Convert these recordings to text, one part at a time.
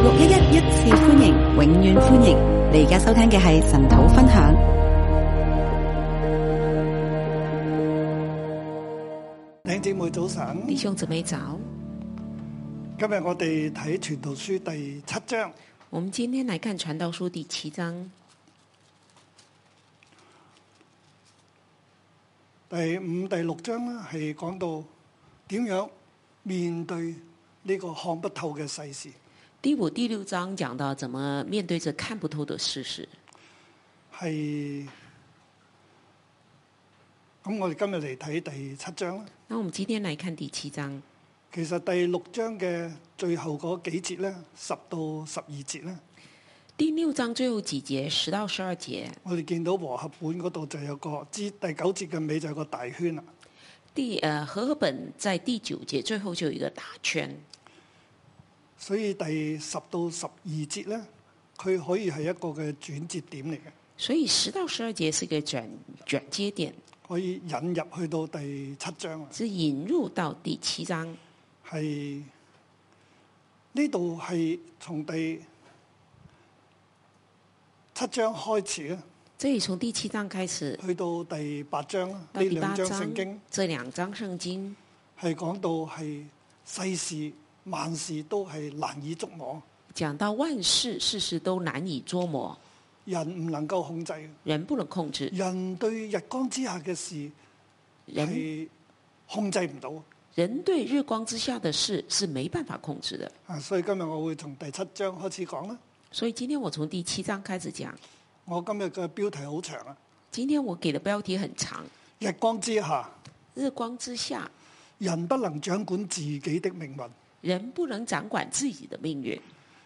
六一一一次歡迎，永遠歡迎。你而家收聽嘅係神土分享。弟兄姊妹早晨，弟兄姊妹早。今日我哋睇傳道書第七章。我們今天來看傳道書第七章。第五、第六章呢，係講到點樣面對呢個看不透嘅世事。第五、第六章講到怎麼面對着看不透的事實。係咁，我哋今日嚟睇第七章啦。那我們今天來看第七章。其實第六章嘅最後嗰幾節咧，十到十二節咧。第六章最後幾節，十到十二節。我哋見到和合本嗰度就有個之第九節嘅尾就有個大圈啦。第呃和合本在第九節最後就有一個大圈。所以第十到十二節咧，佢可以係一個嘅轉折點嚟嘅。所以十到十二節是一個轉轉折點，可以引入去到第七章，就只引入到第七章，係呢度係從第七章開始啊。即係從第七章開始，去到第八章啦。呢兩章聖經，呢兩章聖經係講到係世事。萬事都係難以捉摸。講到萬事，事事都難以捉摸。人唔能夠控制。人不能控制。人對日光之下嘅事係控制唔到。人對日光之下嘅事是沒辦法控制的。所以今日我會從第七章開始講啦。所以今天我從第七章開始講。我今日嘅標題好長啊。今天我給的標題很長。日光之下。日光之下。人不能掌管自己的命運。人不能掌管自己的命運，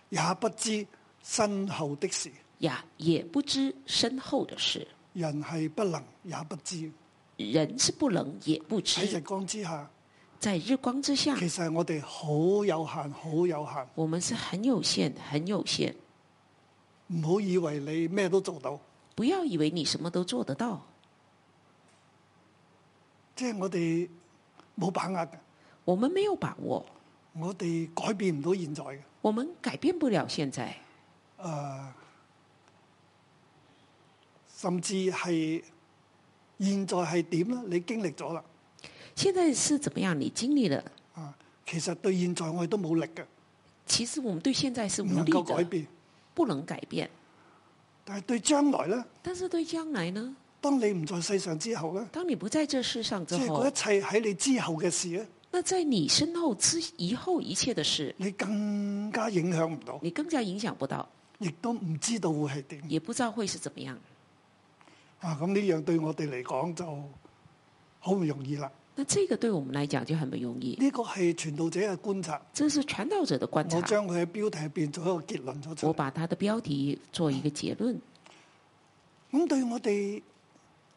也不知身後的事。也也不知身後的事。人係不能也不知。人是不能也不知。喺日光之下，在日光之下。其實我哋好有限，好有限。我們是很有限，很有限。唔好以為你咩都做到。不要以為你什麼都做得到。即係我哋冇把握嘅。我們沒有把握。我哋改變唔到現在嘅。我們改變不了現在。誒、呃，甚至係現在係點咧？你經歷咗啦。現在是怎麼樣？你經歷了。啊，其實對現在我哋都冇力嘅。其實我們對現在是無力的。唔能夠改變？不能改變。但係對將來咧？但是對將來呢？當你唔在世上之後咧？當你不在這世上之後。即係嗰一切喺你之後嘅事咧？那在你身後之以後一切的事，你更加影響唔到，你更加影響不到，亦都唔知道會係點，也不知道會是怎麼樣啊。咁呢樣對我哋嚟講就好唔容易啦。那這個對我們來講就很不容易。呢個係傳道者嘅觀察，這是傳道者的觀察。我將佢嘅標題變咗個結論咗。我把他的標題做一個結論。咁對我哋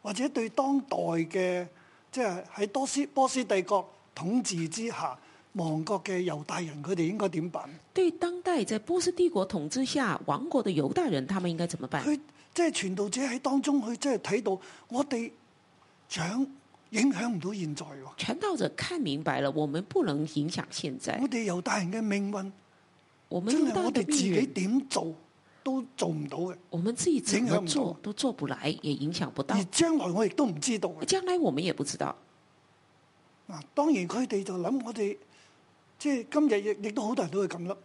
或者對當代嘅，即係喺波斯波斯帝國。統治之下，亡國嘅猶大人佢哋應該點辦？對當代在波斯帝國統治下亡國嘅猶大人，他們應該怎麼辦？佢即係傳道者喺當中佢即係睇到我哋想影響唔到現在。傳道者看明白了，我們不能影響現在。我哋猶大人嘅命運，真係我哋自己點做都做唔到嘅。我們自己點樣做都做唔來，也影響不到。而將來我亦都唔知道。將來我們也不知道。嗱，當然佢哋就諗我哋，即係今日亦亦都好多人都會咁咯，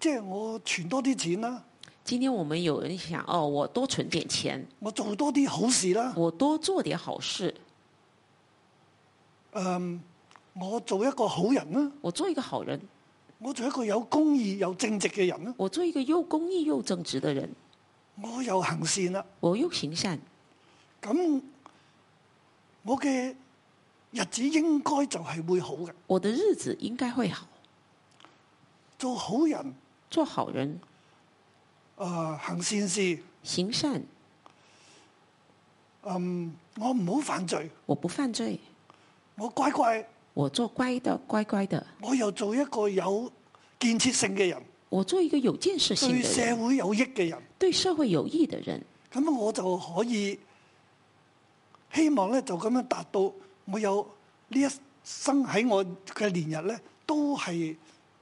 即係我存多啲錢啦。今天我們有人想，哦，我多存點錢，我做多啲好事啦，我多做啲好事。誒、嗯，我做一個好人啦，我做一個好人，我做一個有公義、有正直嘅人啦，我做一個又公義、又正直嘅人，我又行善啦，我又行善。咁我嘅。日子應該就係會好嘅，我的日子應該會好。做好人，做好人，呃、行善事，行善。嗯，我唔好犯罪，我不犯罪，我乖乖，我做乖的，乖乖的。我又做一個有建設性嘅人，我做一個有建設性，對社會有益嘅人，對社會有益的人。咁我就可以希望咧，就咁樣達到。我有呢一生喺我嘅年日咧，都係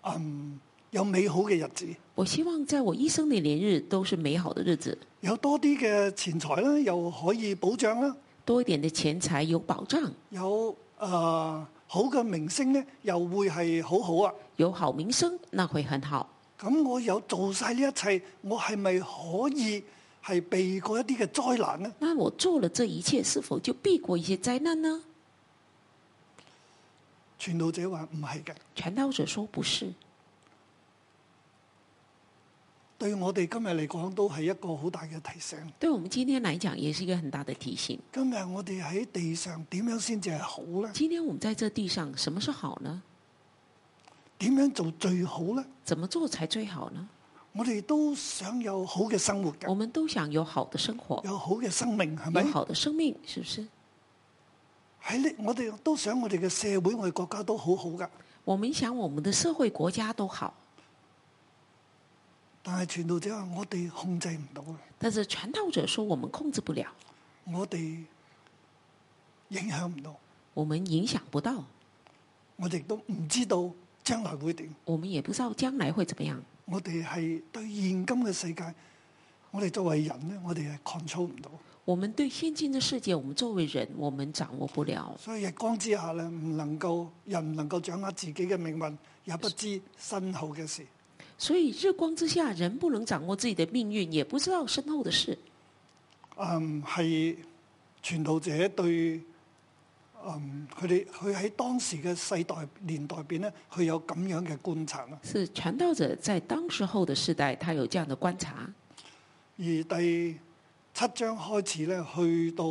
嗯有美好嘅日子。我希望在我一生嘅年日都是美好的日子。有多啲嘅錢財啦，又可以保障啦、啊。多一點嘅錢財有保障。有啊、呃、好嘅名聲咧，又會係好好啊。有好名聲，那會很好。咁、嗯、我有做晒呢一切，我係咪可以係避過一啲嘅災難呢？那我做了這一切，是否就避過一些災難呢？傳道者話唔係嘅，傳道者說不是，對我哋今日嚟講都係一個好大嘅提醒。對我們今天嚟講，也是一個很大的提醒。今日我哋喺地上點樣先至係好呢？今天我們在這地上，什麼是好呢？點樣做最好呢？怎麼做才最好呢？我哋都想有好嘅生活嘅，我們都想有好的生活，有好嘅生命係咪？有好的生命，是不是？喺呢，我哋都想我哋嘅社會，我哋國家都好好噶。我們想，我們的社會國家都好，但係傳道者話我哋控制唔到啊。但是傳道，道者說我們控制不了，我哋影響唔到。我們影響不到。我哋都唔知道將來會點，我們也不知道將來會怎麼樣。我哋係對現今嘅世界，我哋作為人咧，我哋係 control 唔到。我們對現今的世界，我們作為人，我們掌握不了。所以日光之下呢，唔能夠人能夠掌握自己嘅命運，也不知身後嘅事。所以日光之下，人不能掌握自己的命運，也不知道身後的事。嗯，係傳道者對，嗯，佢哋佢喺當時嘅世代年代邊呢，佢有咁樣嘅觀察啦。是傳道者在當時候嘅世代，他有這樣嘅觀察。而第七章開始咧，去到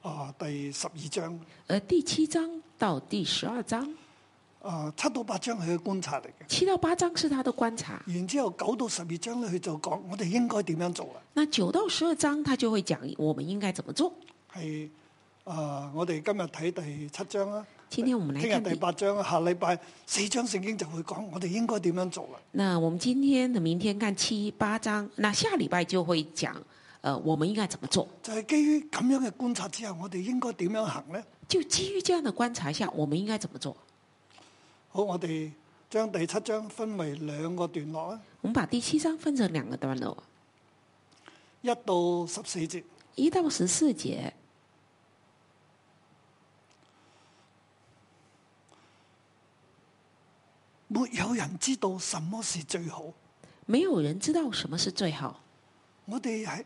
啊、呃、第十二章。第七章到第十二章，啊，七到八章係佢觀察嚟嘅。七到八章是他的觀察。然之後九到十二章咧，佢就講我哋應該點樣做。那九到十二章，他就會講我們應該怎麼做？啊、呃，我哋今日睇第七章啦，今天我們嚟聽日第八章，下禮拜四章聖經就會講我哋應該點樣做。那我們今天的明天看七八章，那下禮拜就會講。呃、我們應該怎麼做？就係、是、基於咁樣嘅觀察之後，我哋應該點樣行呢？就基於這樣的觀察下，我們應該怎麼做？好，我哋將第七章分為兩個段落啊。我們把第七章分成兩個段落，一到十四節。一到十四節，沒有人知道什麼是最好。沒有人知道什麼是最好。我哋係。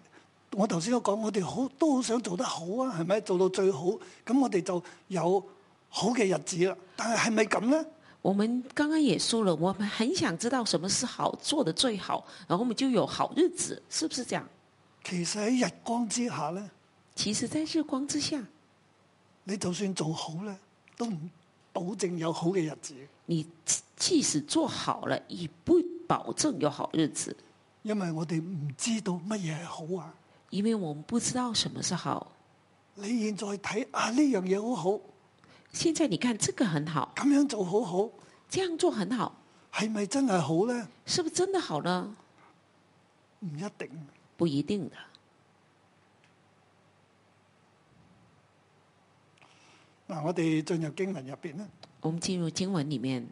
我頭先都講，我哋好都好想做得好啊，係咪做到最好？咁我哋就有好嘅日子啦。但係係咪咁呢？我們剛剛也説了，我們很想知道什麼是好，做得最好，然後我們就有好日子，是不是這樣？其實喺日光之下呢，其實在日光之下，你就算做好呢，都唔保證有好嘅日子。你即使做好了，也不保證有好日子，因為我哋唔知道乜嘢係好啊。因為我們不知道什麼是好。你現在睇啊，呢樣嘢好好，現在你看這個很好，咁樣做好好，這樣做很好，係咪真係好呢？是不是真的好呢？唔一定，不一定的。嗱，我哋進入經文入邊呢，我們進入經文裏面，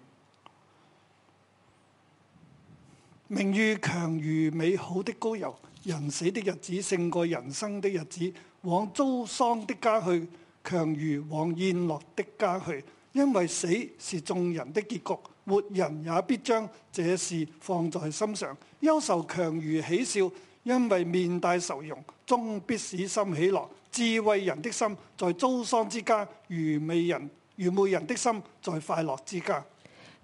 名譽強如美好的膏油。人死的日子勝過人生的日子，往遭喪的家去，強如往宴樂的家去。因為死是眾人的結局，活人也必將這事放在心上。憂愁強如喜笑，因為面帶愁容，終必使心喜樂。智慧人的心在遭喪之家，愚昧人愚昧人的心在快樂之家。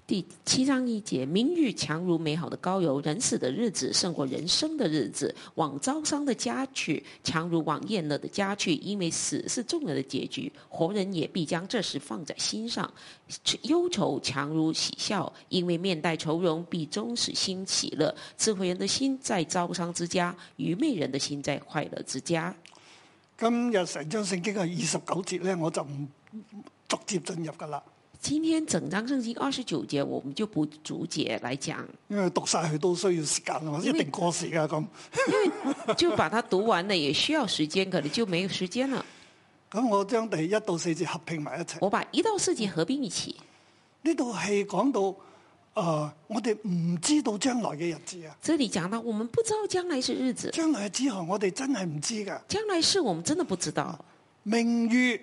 第七章一節，名譽強如美好的膏油，人死的日子勝過人生的日子。往遭喪的家去，強如往宴樂的家去，因為死是眾人的結局，活人也必將這事放在心上。憂愁強如喜笑，因為面帶愁容必終使心喜樂。智慧人的心在遭喪之家，愚昧人的心在快樂之家。今日成章聖經係二十九節呢，我就唔逐節進入噶啦。今天整章聖經二十九節，我們就不逐節來講。因為讀晒佢都需要時間啊，一定過時啊咁。因為就把它讀完咧， 也需要時間，可能就沒有時間啦。咁我將第一到四節合併埋一齊。我把一到四節合併一起。呢度係講到，誒，我哋唔知道將來嘅日子啊。這裏講到，我們不知道將來嘅日子。將來之後，我哋真係唔知噶。將來事，我們真的不知道。明月。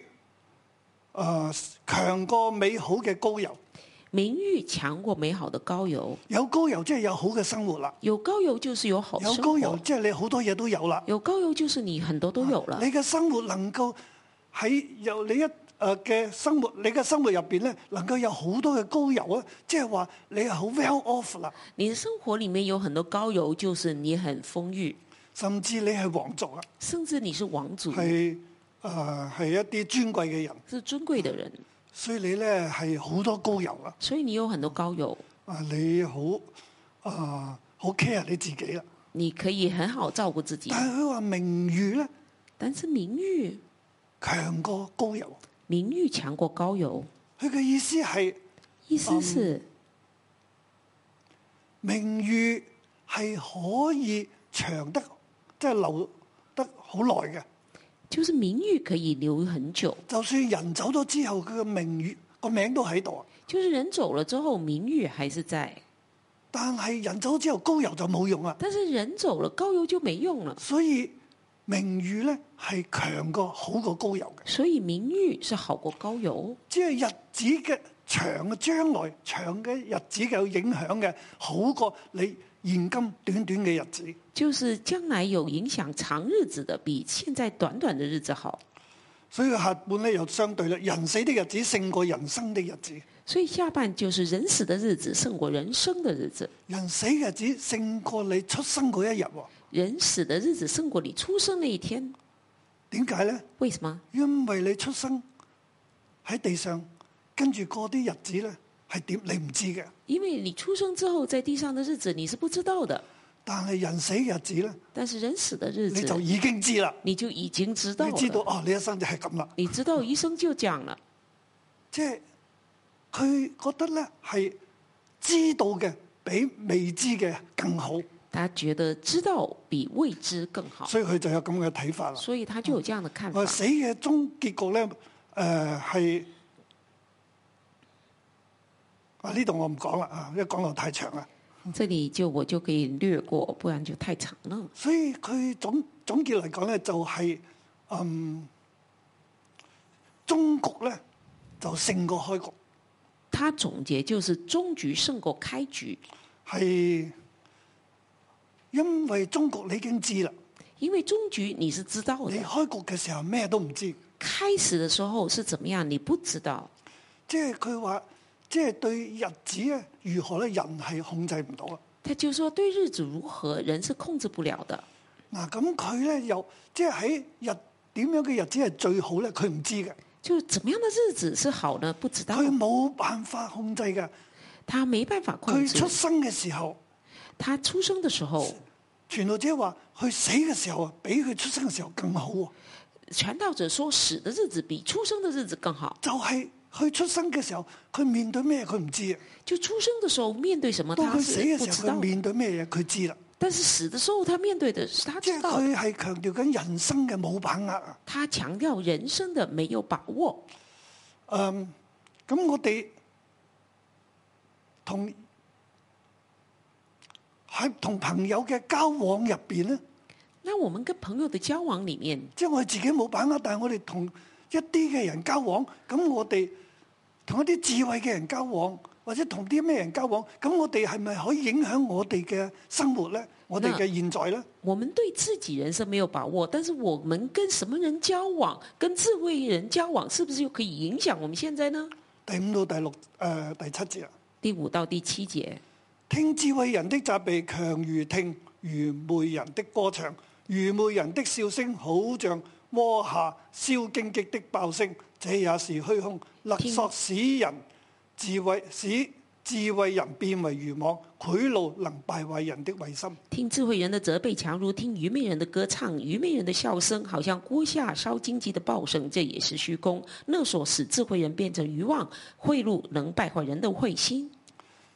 誒、呃、強過美好嘅膏油，名譽強過美好嘅膏油，有膏油即係有好嘅生活啦。有膏油就是有好生活，有膏油即係你好多嘢都有啦。有膏油就是你很多都有啦、啊。你嘅生活能夠喺有你一誒嘅、呃、生活，你嘅生活入邊咧能夠有好多嘅膏油啊，即係話你好 well off 啦。你的生活裡面有很多膏油，就是你很豐裕，甚至你係王族啊，甚至你是王族係。誒、呃、係一啲尊貴嘅人，是尊貴嘅人，所以你咧係好多膏油啊。所以你有很多膏油。啊、呃，你好，誒、呃，好 care 你自己啊。你可以很好照顧自己。但係佢話名譽咧，但是名譽，是名譽強過膏油，名譽強過膏油。佢嘅意思係，意思是、嗯、名譽係可以長得即係、就是、留得好耐嘅。就是名譽可以留很久，就算人走咗之後，佢嘅名譽個名都喺度。就是人走了之後，名譽還是在，但係人走咗之後，高油就冇用啊。但是人走了，高油就沒用了。所以名譽咧係強過好過高油嘅，所以名譽是好過高油。即係日子嘅長，將來長嘅日子有影響嘅，好過你。現今短短嘅日子，就是將來有影響長日子的，比現在短短的日子好。所以下半咧又相對啦，人死的日子勝過人生的日子。所以下半就是人死的日子勝過人生的日子。人死嘅日子勝過你出生嗰一日。人死的日子勝過你出生的那一天。點解咧？為什麼？因為你出生喺地上，跟住過啲日子咧。係點？你唔知嘅。因為你出生之後，在地上的日子，你是不知道的。但係人死嘅日子咧？但是人死嘅日子你就已經知啦。你就已經知道，你就已經知道。你知道哦，你一生就係咁啦。你知道醫生就講了，即係佢覺得咧係知道嘅比未知嘅更好。他覺得知道比未知更好。所以佢就有咁嘅睇法啦、嗯。所以他就有這樣的看法。死嘅終結局咧，誒、呃、係。啊！呢度我唔講啦，吓，因為講落太長啦。這裡就我就可以略過，不然就太長啦。所以佢總總結嚟講咧、就是，就係嗯，終局咧就勝過開局。他總結就是終局勝過開局，係因為終局你已經知啦。因為終局你是知道的。你開局嘅時候咩都唔知。開始嘅時候是怎麼樣？你不知道。即係佢話。即、就、係對日子咧，如何咧，人係控制唔到啊！他就說對日子如何，人是控制不了的。嗱咁佢咧又即係喺日點樣嘅日子係最好咧，佢唔知嘅。就怎麼樣嘅日子是好咧，不知道。佢冇辦法控制嘅。他沒辦法控制。佢出生嘅時候，他出生嘅時候，傳道者話佢死嘅時候啊，比佢出生嘅時候更好。傳道者說死嘅日子比出生嘅日子更好，就係。佢出生嘅時候，佢面對咩佢唔知；就出生嘅時候面對什麼，佢唔知道。佢死嘅時候，佢面對咩嘢佢知啦。但是死的時候，他面對的是，他知道。即係佢係強調緊人生嘅冇把握啊！他強調人生的沒有把握。嗯，咁我哋同喺同朋友嘅交往入邊咧，那我們跟朋友的交往裡面，即係我哋自己冇把握，但係我哋同一啲嘅人交往，咁我哋同一啲智慧嘅人交往，或者同啲咩人交往，咁我哋係咪可以影響我哋嘅生活咧？我哋嘅現在咧？我們對自己人生沒有把握，但是我們跟什麼人交往，跟智慧人交往，是不是又可以影響我們現在呢？第五到第六，呃，第七節啊？第五到第七節，聽智慧人的責備強如聽愚昧人的歌唱，愚昧人的笑聲好像。鍋下燒荊棘的爆聲，這也是虛空勒索，使人智慧，使智慧人變為愚妄，賄賂能敗壞人的慧心。聽智慧人的責備，強如聽愚昧人的歌唱，愚昧人的笑聲，好像鍋下燒荊棘的爆聲，這也是虛空勒索，使智慧人變成愚妄，賄賂能敗壞人的慧心。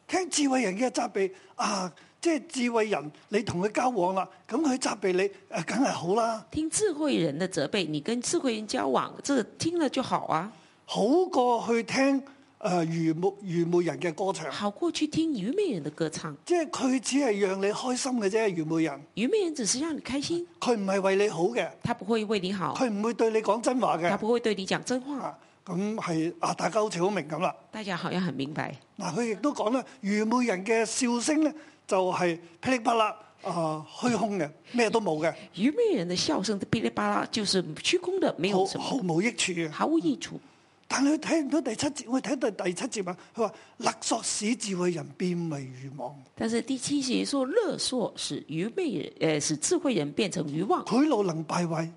聽智慧人嘅責備啊！即係、就是、智慧人，你同佢交往啦，咁佢責備你，誒、梗係好啦。聽智慧人的責備，你跟智慧人交往，即係聽了就好啊。好過去聽、呃、愚昧愚昧人嘅歌唱。好過去聽愚昧人嘅歌唱。即係佢只係讓你開心嘅啫，愚昧人。愚昧人只是讓你開心。佢唔係為你好嘅。他不會為你好。佢唔會對你講真話嘅。他不會對你講真話。咁係啊、啊，大家好似好明咁啦。大家好像很明白。嗱、啊，佢亦都講啦，愚昧人嘅笑聲咧。就係噼里啪啦啊，虛空嘅，咩都冇嘅。愚昧人的笑聲，噼里啪啦，就是虛空的，沒有毫無益處的，毫無益處。嗯、但係佢睇唔到第七節，我睇到第七節文，佢話勒索使智慧人變為愚妄。但是第七節說勒索使愚昧人使智慧人變成愚妄。賄賂能敗壞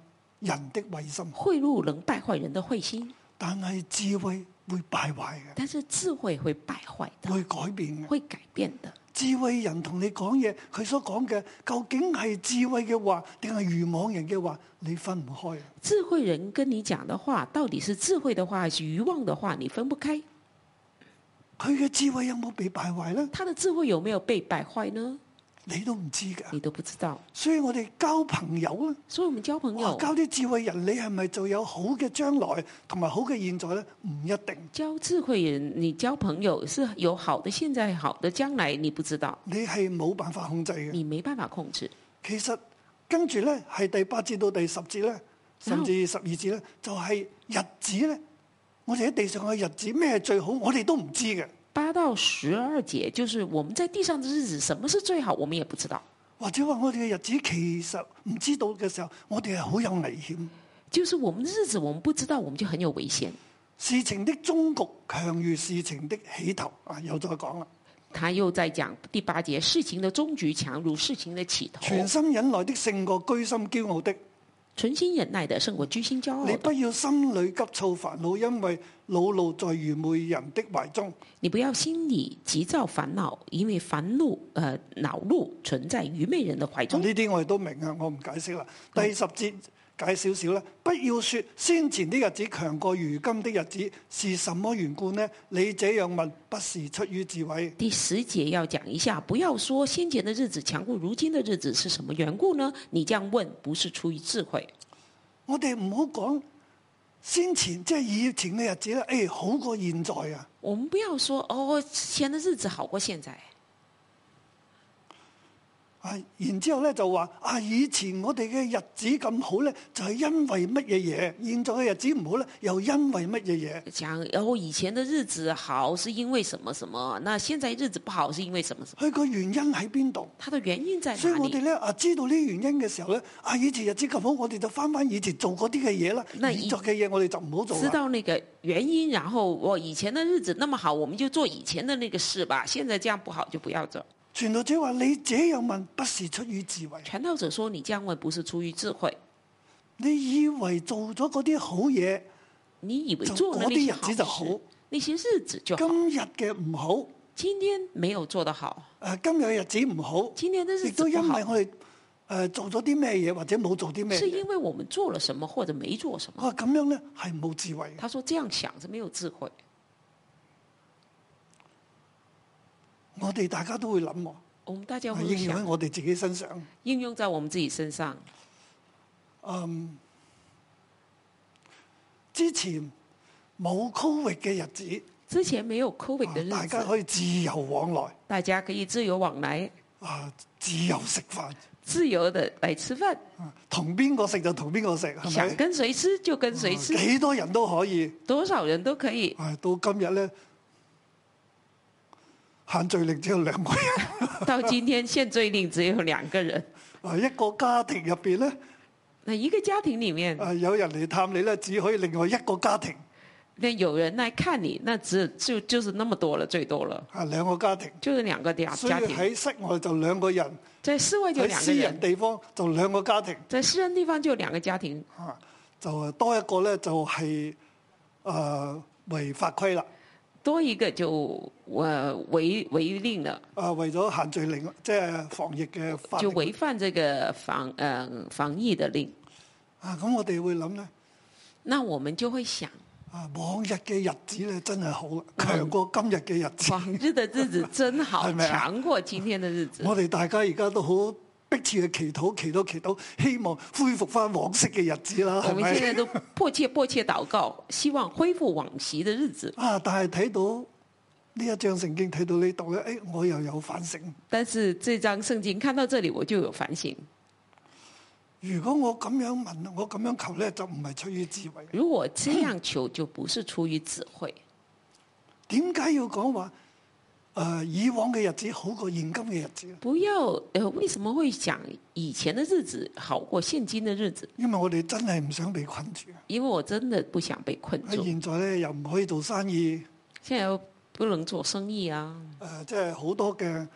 人的慧心，賄賂能敗壞人的慧心。但係智慧會敗壞嘅，但是智慧會敗壞嘅，會改變會改變的。智慧人同你講嘢，佢所講嘅究竟係智慧嘅話，定係愚妄人嘅話？你分唔開。啊。智慧人跟你講的話，到底是智慧的話，還是愚妄的話？你分不開。佢嘅智慧有冇被敗壞呢？他的智慧有沒有被敗壞呢？你都唔知㗎，你都不知道。所以我哋交朋友啊，所以我們交朋友，交啲智慧人，你係咪就有好嘅將來同埋好嘅現在咧？唔一定。交智慧人，你交朋友是有好的現在、好的將來，你不知道。你係冇辦法控制嘅，你沒辦法控制。其實跟住咧，係第八節到第十節咧，甚至十二節咧，就係日子咧。我哋喺地上嘅日子咩最好，我哋都唔知嘅。八到十二節，就是我們在地上的日子，什麼是最好，我們也不知道。或者話我哋嘅日子其實唔知道嘅時候，我哋係好有危險。就是我們的日子，我們不知道，我們就很有危險。事情的終局強於事情的起頭。啊，又再講啦，他又再講第八節，事情的終局強如事情的起頭。全心忍耐的勝過居心驕傲的。存心忍耐的勝過居心驕傲。你不要心裏急躁煩惱，因為惱怒在愚昧人的懷中。你不要心裏急躁煩惱，因為煩惱、煩惱呃惱怒存在愚昧人的懷中。呢啲我哋都明啊，我唔解釋啦。第十節、嗯、解少少啦。不要說先前的日子強過如今的日子，是什麼緣故呢？你這樣問，不是出於智慧。第十節要講一下，不要說先前的日子強過如今的日子，是什麼緣故呢？你這樣問，不是出於智慧。我哋唔好講先前即係以前嘅日子啦，誒好過現在啊！我們不要說哦，之前的日子好過現在。啊！然之後咧就話：啊，以前我哋嘅日子咁好咧，就係、是、因為乜嘢嘢；現在嘅日子唔好咧，又因為乜嘢嘢？講，然、哦、後以前嘅日子好，是因為什麼什麼？那現在日子不好，是因為什麼什麼？佢個原因喺邊度？佢的原因在哪？所以我哋咧啊，知道呢原因嘅時候咧，啊，以前日子咁好，我哋就返返以前做嗰啲嘅嘢啦。那以，以前嘅嘢我哋就唔好做。知道呢個原因，然後我、哦、以前嘅日子那麼好，我們就做以前嘅那個事吧。現在這樣不好，就不要做。傳道者話：你這樣問不是出於智慧。傳道者說：你將會不是出於智，智慧。你以為做咗嗰啲好嘢，你以為做嗰啲日子就好，那些日子就好。今日嘅唔好，今天沒有做得好。誒、呃，今日嘅日子唔好，今天的亦都因為我哋誒、呃、做咗啲咩嘢，或者冇做啲咩嘢。是因為我們做了什麼或者沒做什麼。哦，咁樣咧係冇智慧。他說這樣想是沒有智慧。我哋大家都會諗喎，應用喺我哋自己身上。應用在我們自己身上。嗯，之前冇 COVID 嘅日子，之前沒有 COVID 嘅日子，大家可以自由往來，大家可以自由往來。啊，自由食飯，自由地嚟吃飯。同邊個食就同邊個食，想跟誰吃就跟誰吃。嗯，幾多人都可以，多少人都可以。啊，到今日咧。限聚令只有兩個人。 到今天限聚令只有兩個人。啊，一個家庭入邊咧，那一個家庭裡面，啊，有人嚟探你咧，只可以另外一個家庭。但有人嚟看你，那只就就是那麼多了，最多了。啊，兩個家庭，就是兩個家庭。喺室外就兩個人，在室外就兩個人。私人地方就兩個家庭，在私人地方就兩個家庭。啊，就多一個咧，就係啊違法規啦。多一個就誒違違令啦。誒、啊、為咗限聚令，即係防疫嘅。法，就違反這個防誒、呃、防疫嘅令。啊，咁我哋會諗咧。那我們就會想。啊，往日嘅日子咧真係好強過今日嘅日子。往、嗯、日嘅日子真好強過今天嘅日子。是是啊啊、我哋大家而家都好。迫切去祈禱，祈禱，祈禱，希望恢復翻往昔嘅日子啦，我們現在都迫切迫切禱告， 希望恢復往昔的日子。啊！但係睇到呢一章聖經，睇到呢度咧，誒、哎，我又有反省。但是這章聖經看到這裏，我就有反省。如果我咁樣問，我咁樣求咧，就唔係出於智慧。如果這樣求，就不是出於智慧。點、啊、解要講話？誒以往嘅日子好過現今嘅日子。不要誒？為什麼會想以前嘅日子好過現今嘅日子？因為我哋真係唔想被困住。因為我真的不想被困住。喺現在咧，又唔可以做生意。即係不能做生意啊！誒、呃，即係好多嘅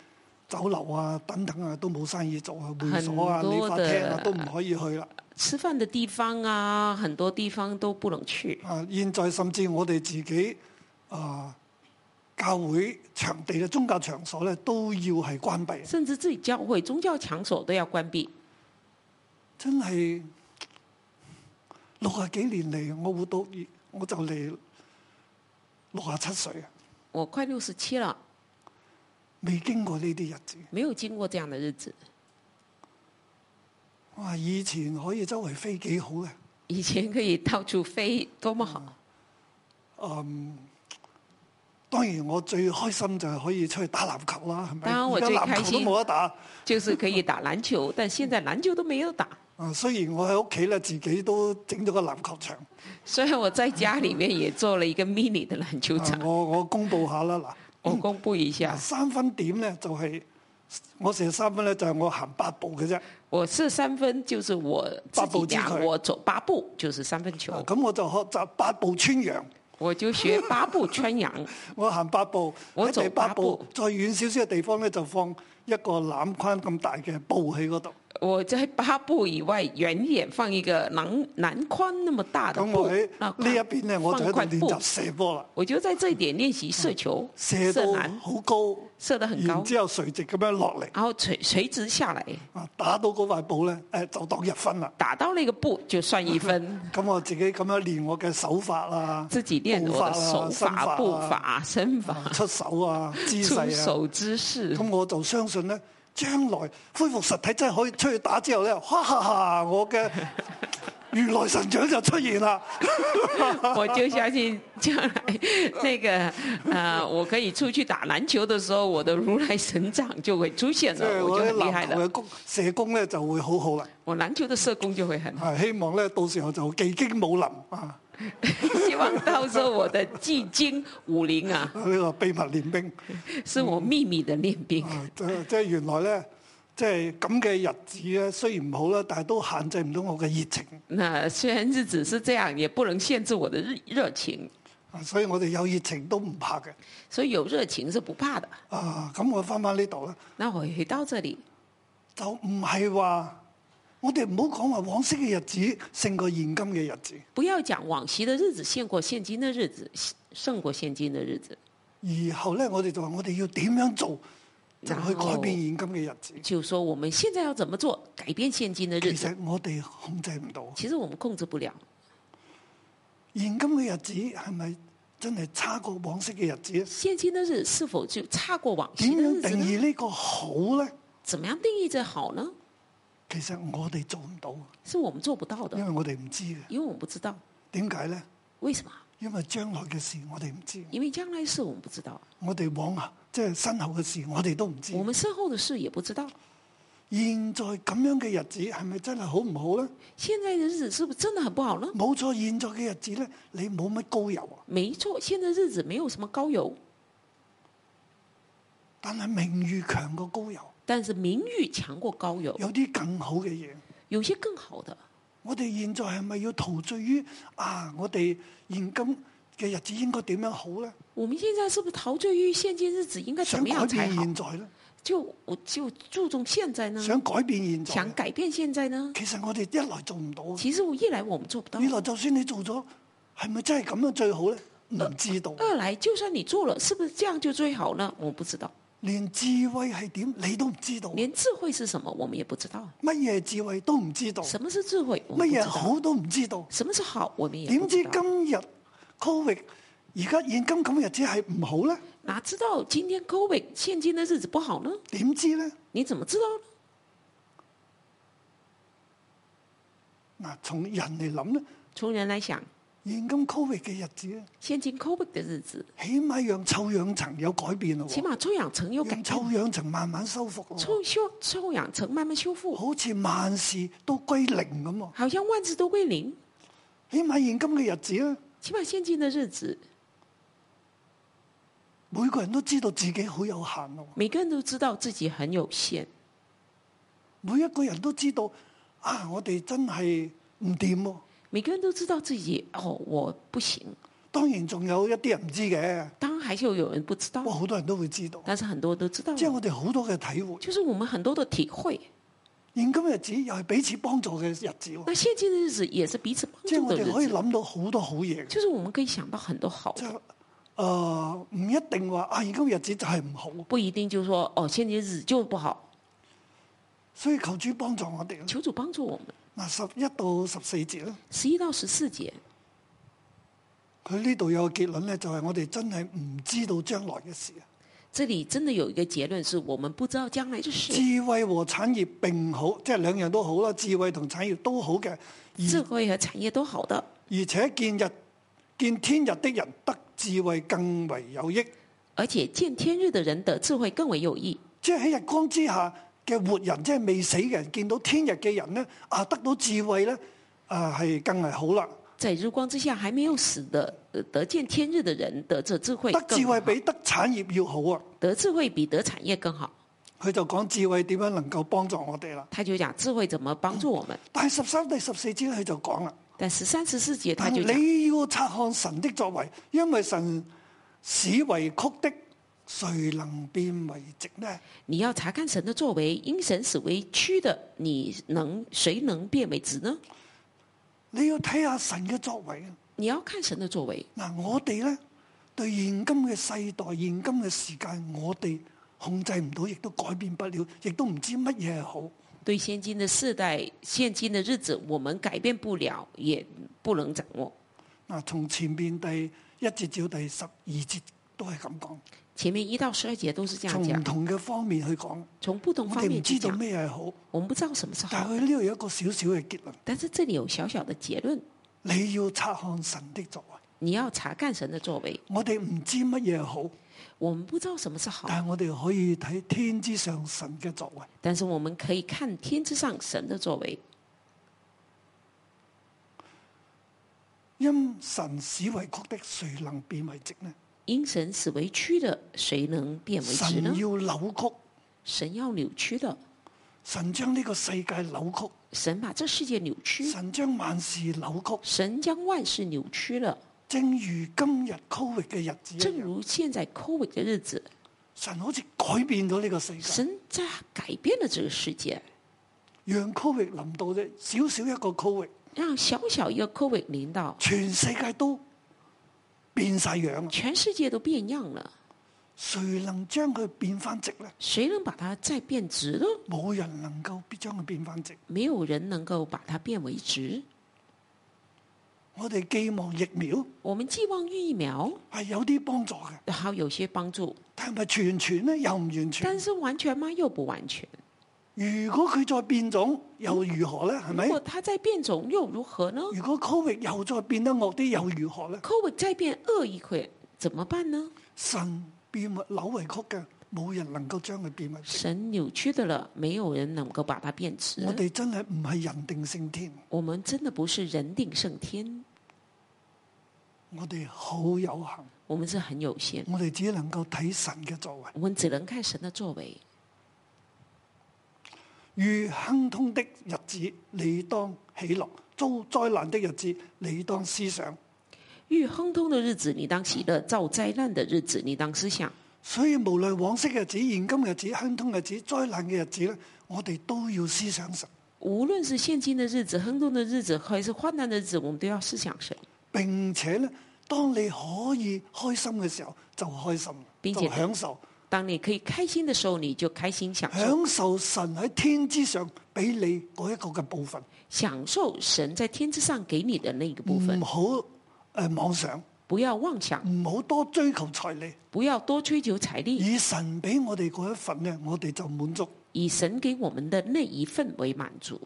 酒樓啊、等等啊，都冇生意做啊，會所啊、理髮廳啊，都唔可以去啦。吃飯的地方啊，很多地方都不能去。啊，現在甚至我哋自己啊。呃教會場地嘅宗教場所咧，都要係關閉。甚至自己教會、宗教場所都要關閉。真係六十幾年嚟，我活到，我就嚟六十七歲啊。我快六十七啦，未經過呢啲日子。沒有經過這樣的日子。哇，以前可以周圍飛幾好嘅。以前可以到處飛，多麼好。嗯。嗯當然，我最開心就係可以出去打籃球啦，係咪？啊？而家籃球都冇得打，就是可以打籃球， 但現在籃球都沒有打。啊，雖然我喺屋企咧，自己都整咗個籃球場。雖然我在家裡面也做了一個 mini 的籃球場。我 我公佈下啦，嗱，我公佈一下三分點咧，就是，就係我射三分咧，就係我行八步嘅啫。我是三分，就是我八步我走八步就是三分球。咁、嗯、我就學習八步穿楊。 我就學八步穿楊，我行八步，喺 第八步、八步、八步再遠少少嘅地方咧，就放一個籃筐咁大嘅布喺嗰度。我在八步以外，遠遠放一個籃籃筐那麼大的布，呢一邊呢，我就喺度練就射波啦。我就在這一點練習射球，嗯，射到好高，射得很高，之後垂直咁樣落嚟，然後垂垂直下來，打到嗰塊布咧，誒，就當一分啦。打到呢個布就算一分。咁、嗯、我自己咁樣練我嘅手法啦、啊，自己練我嘅手法、步法啦、啊啊，身法、啊、出手啊，法啊出手、啊、姿勢、啊。咁、啊嗯、我就相信呢。將來恢復實體真係可以出去打之後咧，哈哈！我嘅如來神掌就出現啦。 我就相信將來呢個啊、呃，我可以出去打籃球嘅時候，我的如來神掌就會出現啦，就是、我，我就很厲害啦。我嘅社工咧就會好好啦。我籃球嘅社工就會很好。係。希望咧，到時候就技驚武林啊！ 希望到時候我的技驚武林啊！呢個秘密練兵、嗯，是我秘密的練兵、嗯啊。即係原來咧，即係咁嘅日子咧，雖然唔好啦，但係都限制唔到我嘅熱情。那雖然日子是這樣，也不能限制我的熱熱情。所以我哋有熱情都唔怕嘅，所以有熱情是不怕的。啊，咁我返返呢度啦。我回到這裏，到這裡就唔係話。我哋唔好講話往昔嘅日子勝過現今嘅日子。不要講往昔嘅日子勝過現今嘅日子，勝過現今嘅日子。以後咧，我哋就話我哋要點樣做，就去改變現今嘅日子。就說我們現在要怎麼做，改變現今嘅日子。其實我哋控制唔到。其實我們控制不了。現今嘅日子係咪真係差過往昔嘅日子？現今嘅日子是否就差過往昔的日子？點樣定義呢個好咧？怎麼樣定義就好呢？其實我哋做唔到，是我們做不到的，因為我哋唔知嘅。因為我們不知道點解咧？為什麼？因為將來嘅事我哋唔知，因為將來事我們不知道。我哋往啊，即係身後嘅事，我哋都唔知。我們身後的事也不知道。現在咁樣嘅日子係咪真係好唔好咧？現在的日子是不是真的很不好呢？冇錯，現在嘅日子咧，你冇乜高油啊。沒錯，現在日子沒有什麼高油，但係名譽強過高油。但是名譽強過高有，有啲更好嘅嘢，有些更好的。我哋現在係咪要陶醉於啊？我哋現今嘅日子應該點樣好呢？我們現在是不是陶醉於現今日子應該點樣才好？想改變現在咧？就我就注重現在呢？想改變現在？想改變現在呢？其實我哋一來做唔到。其實我一來我們做不到。二來就算你做咗，係咪真係咁樣最好呢？唔知道二。二來就算你做了，是不是這樣就最好呢？我不知道。連智慧係點，你都唔知道。連智慧是什麼，我們也不知道。乜嘢智慧都唔知道。什麼是智慧？乜嘢好都唔知道。什麼是好？我們也點知今日 covid 而家現今咁日子係唔好咧？哪知道今天 covid 現今的日子不好呢？點知咧？你怎麼知道？嗱，從人嚟諗咧，從人嚟想。現今 COVID 嘅日子，現今 COVID 嘅日子，起碼讓臭氧層有改變咯。起碼臭氧層有改變，臭氧層慢慢，臭氧層慢慢修復咯。臭修臭氧層慢慢修復，好似萬事都歸零咁啊！好像萬事都歸零,零，起碼現今嘅日子咧，起碼現今嘅日子，每個人都知道自己好有限咯。每個人都知道自己很有限，每一個人都知道，都知道啊！我哋真係唔掂。每個人都知道自己哦，我不行。當然仲有一啲人唔知嘅。當然還是有人不知道。哇、哦，好多人都會知道。但是很多都知道。即係我哋好多嘅體會。就是我們很多的體會。現今日子又係彼此幫助嘅日子。那現今的日子也是彼此幫助的日子。即係我哋可以諗到好多好嘢。就是我們可以想到很多好。即係，誒、呃，唔一定話啊！現今日子就係唔好。不一定，就是說，哦，現今日子就不好。所以求主幫助我哋。求主幫助我們。嗱，十一到十四節啦。十一到十四節，佢呢度有個結論咧，就係我哋真係唔知道將來嘅事。啊，這裡真的有一個結論，是我們不知道將來嘅事。智慧和產業並好，即係兩樣都好啦。智慧同產業都好嘅。智慧和產業都好的。而，而且見日見天日的人得智慧，更為有益。而且見天日的人得智慧，更為有益。即係喺日光之下。嘅活人即係未死嘅人，見到天日嘅人咧，啊得到智慧咧，啊係更係好啦。在日光之下還沒有死的，得見天日的人得着智慧。得智慧比得產業要好啊！得智慧比得產業更好。佢就講智慧點樣能夠幫助我哋啦。他就講智慧怎麼幫助我們。但係十三第十四節佢就講啦。但十三十四節，但係你要察看神的作為，因為神使為曲的。誰能變為直呢？你要查看神的作為，因神使為曲的，你能誰能變為直呢？你要睇下神嘅作為。你要看神的作為。嗱，我哋咧對現今嘅世代、現今嘅時間，我哋控制唔到，亦都改變不了，亦都唔知乜嘢係好。對現今的世代、現今的日子，我們改變不了，也不能掌握。嗱，從前邊第一節至到第十二節都係咁講。前面一到十二節都是這樣講，唔同嘅方面去講，從不同方面，我哋唔知道咩係好，我們不知道什麼是好，但係呢度有一個小小嘅結論。但是這裏有小小的結論。你要察看神的作為，你要察看神嘅作為。我哋唔知乜嘢好，我們不知道什麼是好，但係我哋可以睇天之上神嘅作為。但是我們可以看天之上神嘅作為。因神使為曲的，誰能變為直呢？因神使為曲的，誰能變為直呢？神要扭曲，神要扭曲的。神將呢個世界扭曲，神把這個世界扭曲，神將萬事扭曲，神將萬事扭曲了。正如今日 COVID 嘅日子日，正如現在 COVID 嘅日子，神好似改變咗呢個世界，神真改變了這個世界，讓 COVID 臨到呢，小小一個 COVID 讓小小一個 COVID 領導全世界都。變晒樣，全世界都變樣了。誰能將佢變翻直咧？誰能把它再變直咯？冇人能夠將佢變翻直。冇人能夠把它變為直。我哋寄望疫苗，我們寄望疫苗係有啲幫助嘅，好有些幫助，但係咪完全呢？又唔完全。但是完全嗎？又不完全。如果佢再變種又如何呢？係咪？如果它再變種又如何呢？如果 Covid 又再變得惡啲又如何呢？Covid 再變惡一回，怎麼辦呢？神變為扭曲嘅，冇人能夠將佢變直。神扭曲的了，沒有人能夠把它變直。我哋真係唔係人定勝天。我們真的不是人定勝天。我哋好有限。我們是很有限。我哋只能夠睇神嘅作為。我們只能看神的作為。遇亨，亨通的日子，你當喜樂；遭災難的日子，你當思想。遇亨通的日子，你當喜樂；遭災難的日子，你當思想。所以無論往昔日子、現今日子、亨通日子、災難嘅日子咧，我哋都要思想神。無論是現今的日子、亨通的日子，還是患難的日子，我們都要思想神。並且咧，當你可以開心嘅時候，就開心，並且享受。當你可以開心的時候，你就開心享受。享受神喺天之上俾你嗰一個嘅部分。享受神在天之上給你的那個部分。唔好妄想，不要妄想。唔好多追求財力，不要多追求財力。以神俾我哋嗰一份呢，我哋就滿足。以神給我們的那一份為滿足。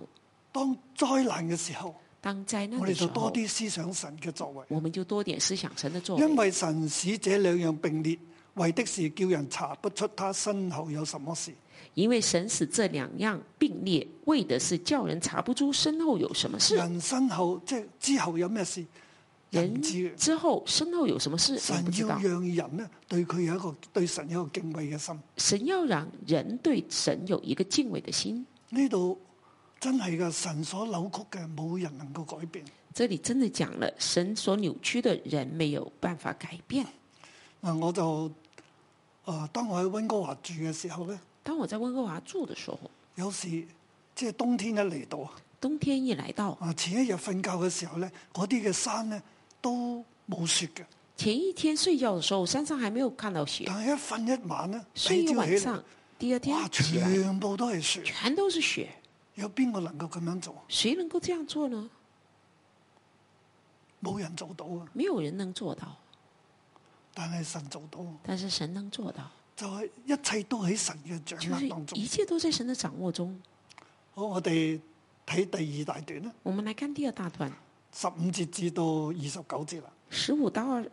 當災難嘅時候，當災難，我哋就多啲思想神嘅作為。我們就多點思想神的作為。因為神使這兩樣並列。為的是叫人查不出他身後有什麼事，因為神使這兩樣並列，為的是叫人查不出身後有什麼事。人身後即係之後有咩事？人之後身後有什麼事？神要讓人咧，對佢有一個對神有一個敬畏嘅心。神要讓人對神有一個敬畏嘅心。呢度真係噶，神所扭曲嘅，冇人能夠改變。這裏真係講了，神所扭曲的人沒有辦法改變。嗱，我就。啊！當我喺温哥華住嘅時候咧，當我在温哥華住嘅時候，有時即係冬天一嚟到，冬天一嚟到，啊前一日瞓覺嘅時候咧，嗰啲嘅山咧都冇雪嘅。前一天睡覺嘅時候，山上還沒有看到雪。但係一瞓一晚咧，睡一晚上，第二天全部都係雪，全都是雪。有邊個能夠咁樣做？誰能夠這樣做呢？冇人做到啊！冇人能做到。但係神做到，但是神能做到，就係、是、一切都喺神嘅掌握當中，就是、一切都在神的掌握中。好，我哋睇第二大段啦。我哋嚟看第二大段，十五節至到二十九節啦。十五到二，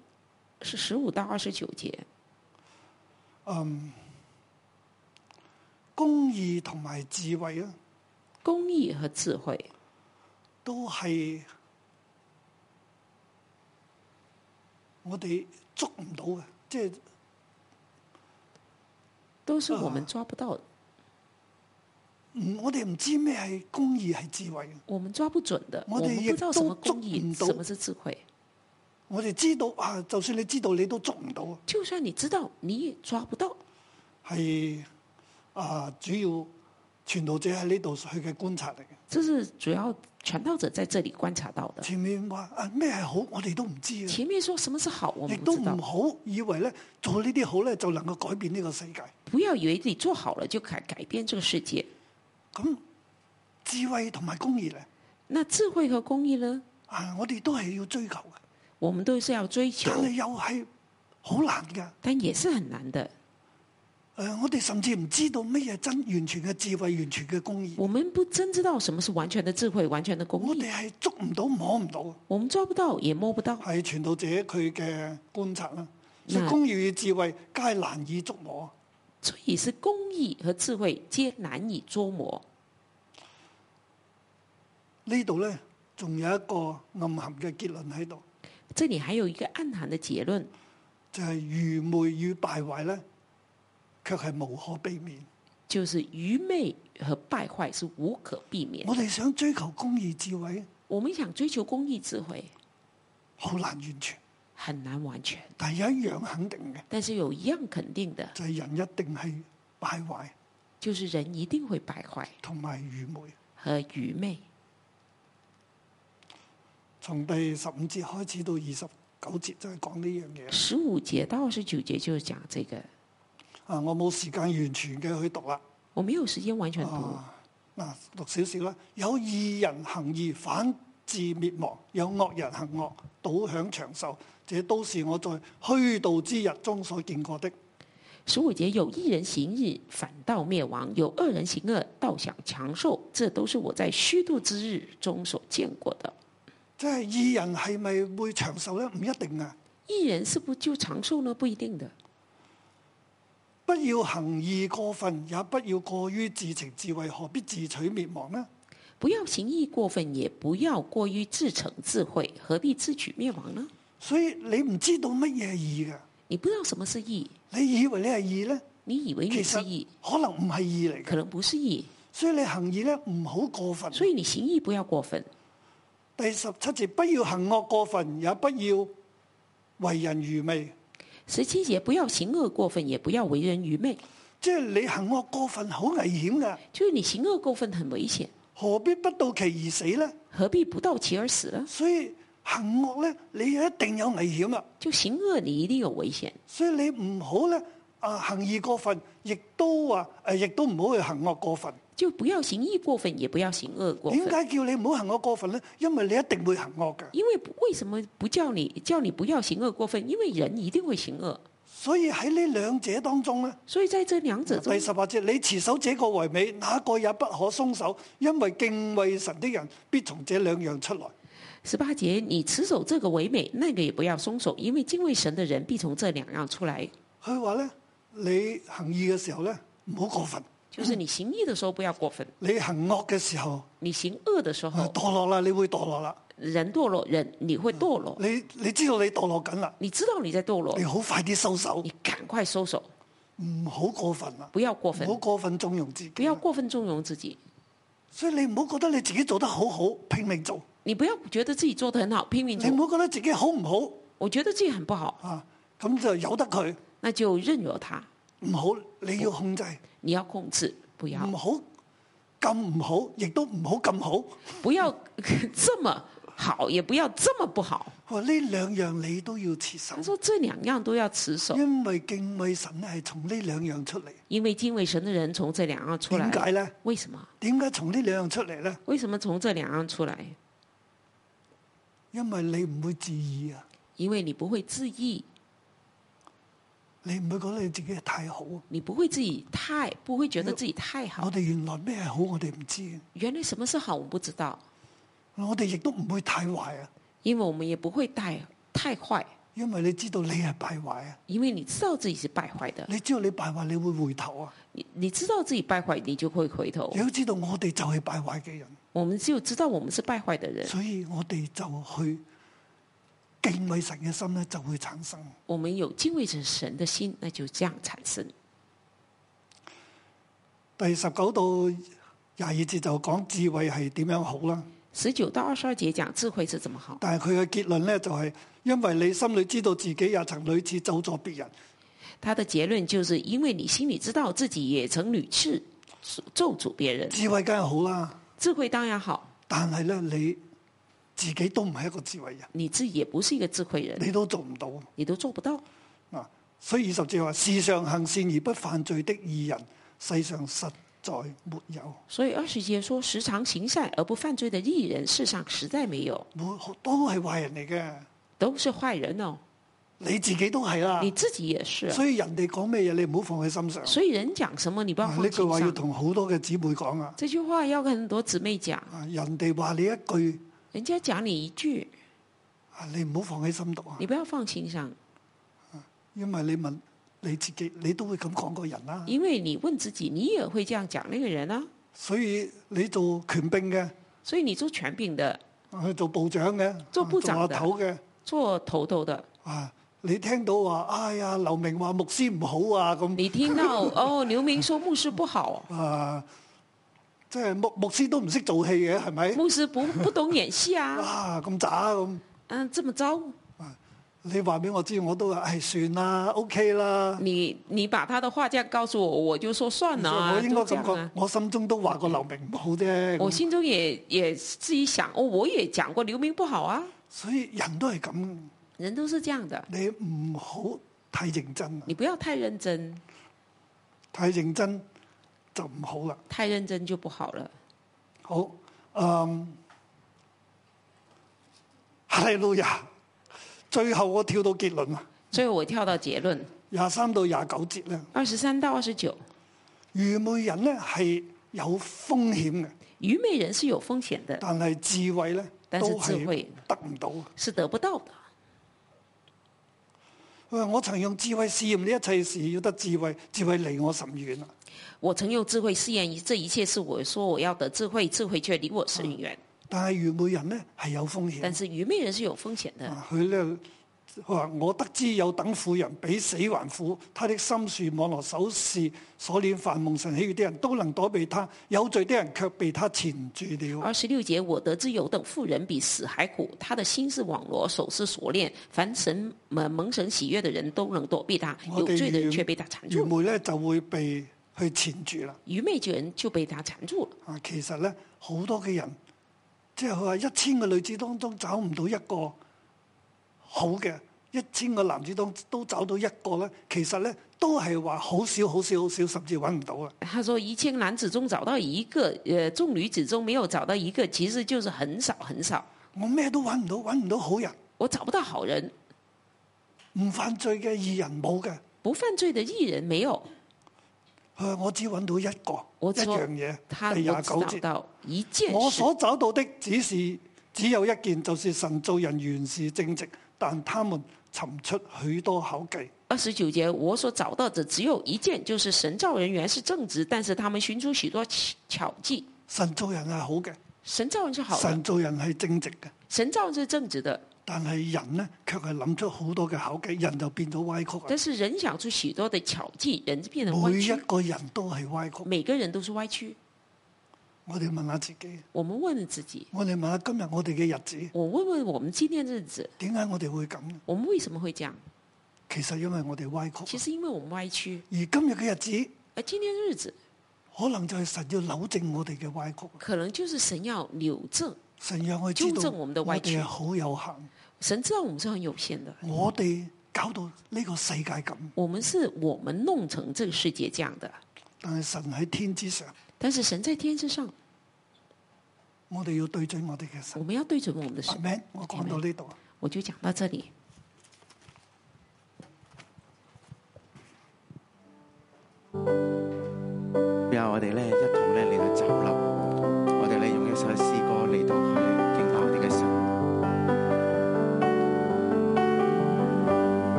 是十五到二十九節。嗯，公義同埋智慧啊，公義和智慧都係我哋。捉唔到嘅，即係，都是我們抓不到的。唔、啊，我哋唔知咩係公義，係智慧。我們抓不準的，我哋亦都捉唔到。什麼是智慧？我哋知道啊，就算你知道，你都捉唔到。啊。就算你知道，你也抓不到。係啊，主要傳道者喺呢度去嘅觀察嚟。這是主要傳道者在這裡觀察到的。前面話啊，咩係好，我哋都唔知啊。前面說什麼是好，我亦都唔好以為咧做呢啲好咧就能夠改變呢個世界。不要以為你做好了就可以改變這個世界。咁智慧同埋公益咧？那智慧和公益呢？啊，我哋都係要追求嘅。我們都是要追求。但係又係好難嘅。但也是很難的。誒、呃，我哋甚至唔知道咩嘢真完全嘅智慧，完全嘅公義。我們不真知道什麼是完全的智慧、完全的公義。我哋係捉唔到、摸唔到。我們抓不到也摸不到。係傳道者佢嘅觀察啦，所以公義與智慧皆難以捉摸。所以是公義和智慧皆難以捉摸。這裡呢度咧，仲有一個暗含嘅結論喺度。這裡還有一個暗含嘅結論，就係、是、愚昧與敗壞咧。卻係無可避免，就是愚昧和敗壞是無可避免。我哋想追求公義智慧，我們想追求公義智慧，好難完全，很難完全。但有一樣肯定嘅，但是有一樣肯定嘅，就係、是、人一定係敗壞，就是人一定會敗壞，同埋愚昧和愚昧。從第十五節開始到二十九節就是，就係講呢樣嘢。十五節到二十九節就講這個。啊！我冇時間完全嘅去讀啦。我沒有時間完全讀。嗱、啊，讀少少啦。有義，有，有義人行義，反自滅亡；有惡人行惡，倒享長壽。這都是我在虛度之日中所見過的。所以十五節，有義人行義，反倒滅亡；有惡人行惡，倒享長壽。這都是我在虛度之日中所見過的。即係義人係咪會長壽呢？唔一定啊。義人是不是就長壽呢？不一定的。不要行義過分，也不要過於自成智慧，何必自取滅亡呢？不要行義過分，也不要過於自成智慧，何必自取滅亡呢？所以你唔知道乜嘢係義嘅，你不知道什麼是義，你以為你係義咧？你以為你是義？可能唔係義嚟嘅，可能不是義。所以你行義咧，唔好過分。所以你行義不要過分。第十七節，不要行惡過分，也不要為人愚昧。十七節，不要行惡過分，也不要為人愚昧。即係你行惡過分險，好危險噶。即係你行惡過分，很危險。何必不到期而死呢？何必不到期而死呢？所以行惡咧，你一，惡你一定有危險啦。就行惡，你一定有危險。所以你唔好啦。啊，行義過分，亦都話誒，亦都唔好去行惡過分。就不要行義過分，也不要行惡過分。點解叫你唔好行惡過分呢？因為你一定會行惡嘅。因為為什麼不叫你叫你不要行惡過分？因為人一定會行惡。所以喺呢兩者當中呢，所以在這兩者中。第十八節，你持守這個為美，那個也不可鬆手，因為敬畏神的人必從這兩樣出來。十八節，你持守這個為美，那個也不要鬆手，因為敬畏神的人必從這兩樣出來。佢話咧。你行義嘅時候呢，唔好過分。就是你行義嘅時候不要過分。你行惡嘅時候，你行惡嘅時候、嗯、墮落啦，你會墮落啦。人墮落，人你會墮落。你你知道你墮落緊啦，你知道你在墮落。你好快啲收手，你趕快收手，唔好過分啦。不要過分，唔好過分縱容自己。不要過分縱容自己。所以你唔好覺得你自己做得好好，拼命做。你不要覺得自己做得很好，拼命做。你唔好覺得自己好唔好，我覺得自己很不好。啊，咁就由得佢。那就任由他唔好，你要控制。你要控制，不要唔好咁唔好，亦都唔好咁好。不要這麼好，也不要這麼不好。我 呢兩樣你都要持守。他說：這兩樣都要持守，因為敬畏神係從呢兩樣出嚟。因為敬畏神的人從這兩樣出嚟。點解咧？為什麼？點解從呢兩樣出嚟咧？為什麼從這兩樣出來？因為你唔會自意啊！因為你不會自意啊。你唔會覺得你自己係太好。你不會自己太，不會覺得自己太好。我哋原來咩係好，我哋唔知。原來什麼是好，我們不知道。我哋亦都唔會太壞啊。因為我們也不會太太壞。因為你知道你係敗壞啊。因為你知道自己是敗壞的。你知道你敗壞，你會回頭啊。你你知道自己敗壞，你就會回頭。你要知道我哋就係敗壞嘅人。我們就知道我們是敗壞的人。所以我哋就去。敬畏神嘅心呢，就會產生。我們有敬畏神的心，那就這樣產生。第十九到廿二節就講智慧係點樣好啦。十九到二十二節講智慧是怎麼好，但係佢嘅結論呢，就係，因為你心裏知道自己也曾屢次咒詛別人。他的結論就是因為你心裏知道自己也曾屢次咒詛別人。智慧梗係好啦，智慧當然好，但係呢，你。自己都唔係一個智慧人，你自己也不是一個智慧人，你都做唔到，你都做不到。嗱，所以二十節話，世上行善而不犯罪的義人，世上實在沒有。所以二十節說，時常行善而不犯罪的義人，世上實在沒有。我都係壞人嚟嘅，都是壞人哦。你自己都係啦、啊，你自己也是。所以人哋講咩嘢，你唔好放喺心上。所以人講什麼，你唔好放喺心上。呢句話要同好多嘅姊妹講啊。這句話要很多姊妹講。人哋話你一句。人家講你一句，你唔好放喺心度啊！你不要放心上、啊，因為你問你自己，你都會咁講個人啦、啊。因為你問自己，你也會這樣講呢個人啦、啊。所以你做權柄嘅，所以你做權柄嘅，去做部長嘅，做部長嘅，做頭頭的。啊！你聽到話，哎呀，劉明話牧師唔好啊，咁你聽到 哦，劉明說牧師不好。啊！即係牧牧師都唔識做戲嘅，係咪？牧師不不懂演戲啊！ 哇，咁渣咁！嗯，這麼糟。你話俾我知，我都話係、哎、算啦，OK 啦。你你把他的話這樣告訴我，我就說算啦、啊。我應該咁講、啊，我心中都話過劉明唔好啫。我心中也也自己想，我我也講過劉明不好啊。所以人都係咁，人都是這樣的。你唔好太認真。你不要太認真，太認真。就唔好啦，太認真就不好啦。好，嗯，哈利路亞。最後我跳到結論嘛，最後我跳到結論，廿三到廿九節咧，二十三到二十九。愚昧人呢係有風險嘅，愚昧人是有風險嘅。但係智慧呢，都係得唔到，是得不到的。我曾用智慧試驗呢一切事，要得智慧，智慧離我甚遠啊！我曾用智慧試驗一，這一切是我說我要的智慧，智慧卻離我甚遠。啊、但係愚昧人呢，係有風險。但是愚昧人是有風險的。佢、啊、呢，佢話我得知有等婦人比死還苦，他的心是、網羅手是鎖鏈，凡蒙神喜悅啲人都能，都能躲避他，有罪啲人卻被他纏住了。二十六節我得知有等婦人比死還苦，他的心是、網羅手是鎖鏈、凡神、呃、蒙神喜悅的人都能躲避他，有罪的人卻被他纏住。愚昧呢就會被。去纏住啦！愚昧之人就被他纏住了。啊，其實咧好多嘅人，即係佢話一千個女子當中找唔到一個好嘅，一千個男子當中都找到一個咧，其實咧都係話好少好少好少，甚至揾唔到啊！佢說一千男子中找到一個，誒、呃，眾女子中沒有找到一個，其實就是很少很少。我咩都揾唔到，揾唔到好人，我找不到好人，唔犯罪嘅義人冇嘅，不犯罪嘅義人沒有。我只揾到一個我一樣嘢，他第廿九節。我所找到一件事，我所找到的只是只有一件，就是神造人原是正直，但他們尋出許多巧計。二十九節，我所找到的只有一件，就是神造人原是正直，但是他們尋出許多巧巧計。神造人係好嘅，神造人是好，神造人係正直嘅，神造人是正直的。神造人是正直的。但係人呢，卻係諗出好多嘅巧計。人就變咗歪曲。但是人想出許多嘅巧計，人就變咗歪曲。每一個人都係歪曲，每個人都是歪曲。我哋問下自己，我們問問自己，我哋問下今日我哋嘅日子，我問問我們今天日子，點解我哋會咁？我們為什麼會這樣？其實因為我哋歪曲，其實因為我們歪曲。而今日嘅日子，而今天日子，可能就係神要扭正我哋嘅歪曲，可能就是神要扭正。神讓我知道我哋好有限。神知道我們是很有限的。我、嗯、哋搞到呢個世界咁。我們是我們弄成這個世界這樣的。但係神喺天之上。但是神在天之上。我哋要對準我哋嘅神。我們要對準我們的神。我講到呢度，啊，我就講到這裡。然後我哋咧，一同咧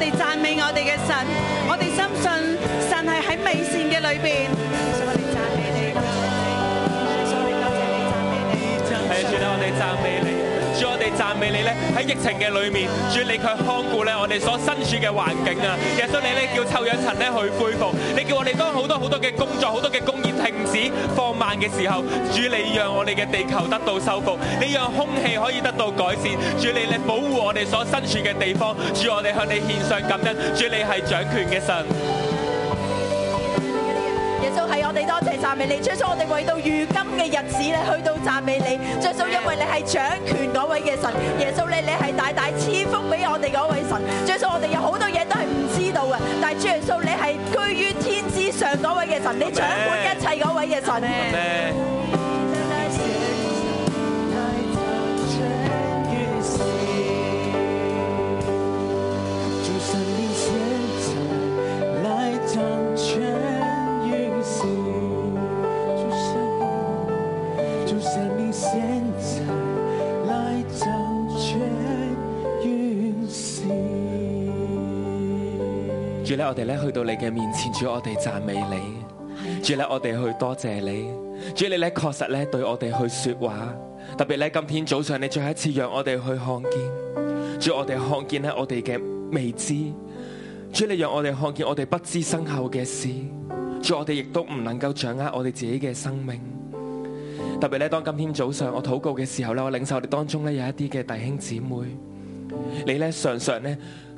我哋讚美我哋嘅神，我哋深信神係喺美善嘅裏邊，所以我哋讚美你，讚美你多謝你，多謝你。係，主啊，我哋讚美你，主，我哋讚美你咧。喺疫情嘅裏面，主你卻看顧咧我哋所身處嘅環境啊。耶穌，你咧叫臭氧層咧去恢復，你叫我哋當好多好多嘅工作，好多嘅。停止放慢嘅時候，主你讓我哋嘅地球得到修復，你讓空氣可以得到改善，主你嚟保護我哋所身處嘅地方，主我哋向你獻上感恩，主你係掌權嘅神。耶穌係我哋多謝讚美你，最初我哋為到如今嘅日子你，去到讚美你，最初因為你係掌權嗰位嘅神，耶穌你你係大大賜福俾我哋嗰位神，最初我哋有好多嘢都係唔知道嘅，但係主耶穌你係居於天。嗰位嘅神，你掌管一切嗰位嘅神。主你我哋咧去到你嘅面前，主我哋讚美你；主咧，我哋去多謝你；主你咧確實咧對我哋去說話，特別咧今天早上你再一次讓我哋去看見，主我哋看見咧我哋嘅未知；主你讓我哋看見我哋不知身後嘅事；主我哋亦都唔能夠掌握我哋自己嘅生命。特別咧當今天早上我禱告嘅時候咧，我領受我哋當中咧有一啲嘅弟兄姊妹，你咧常常咧。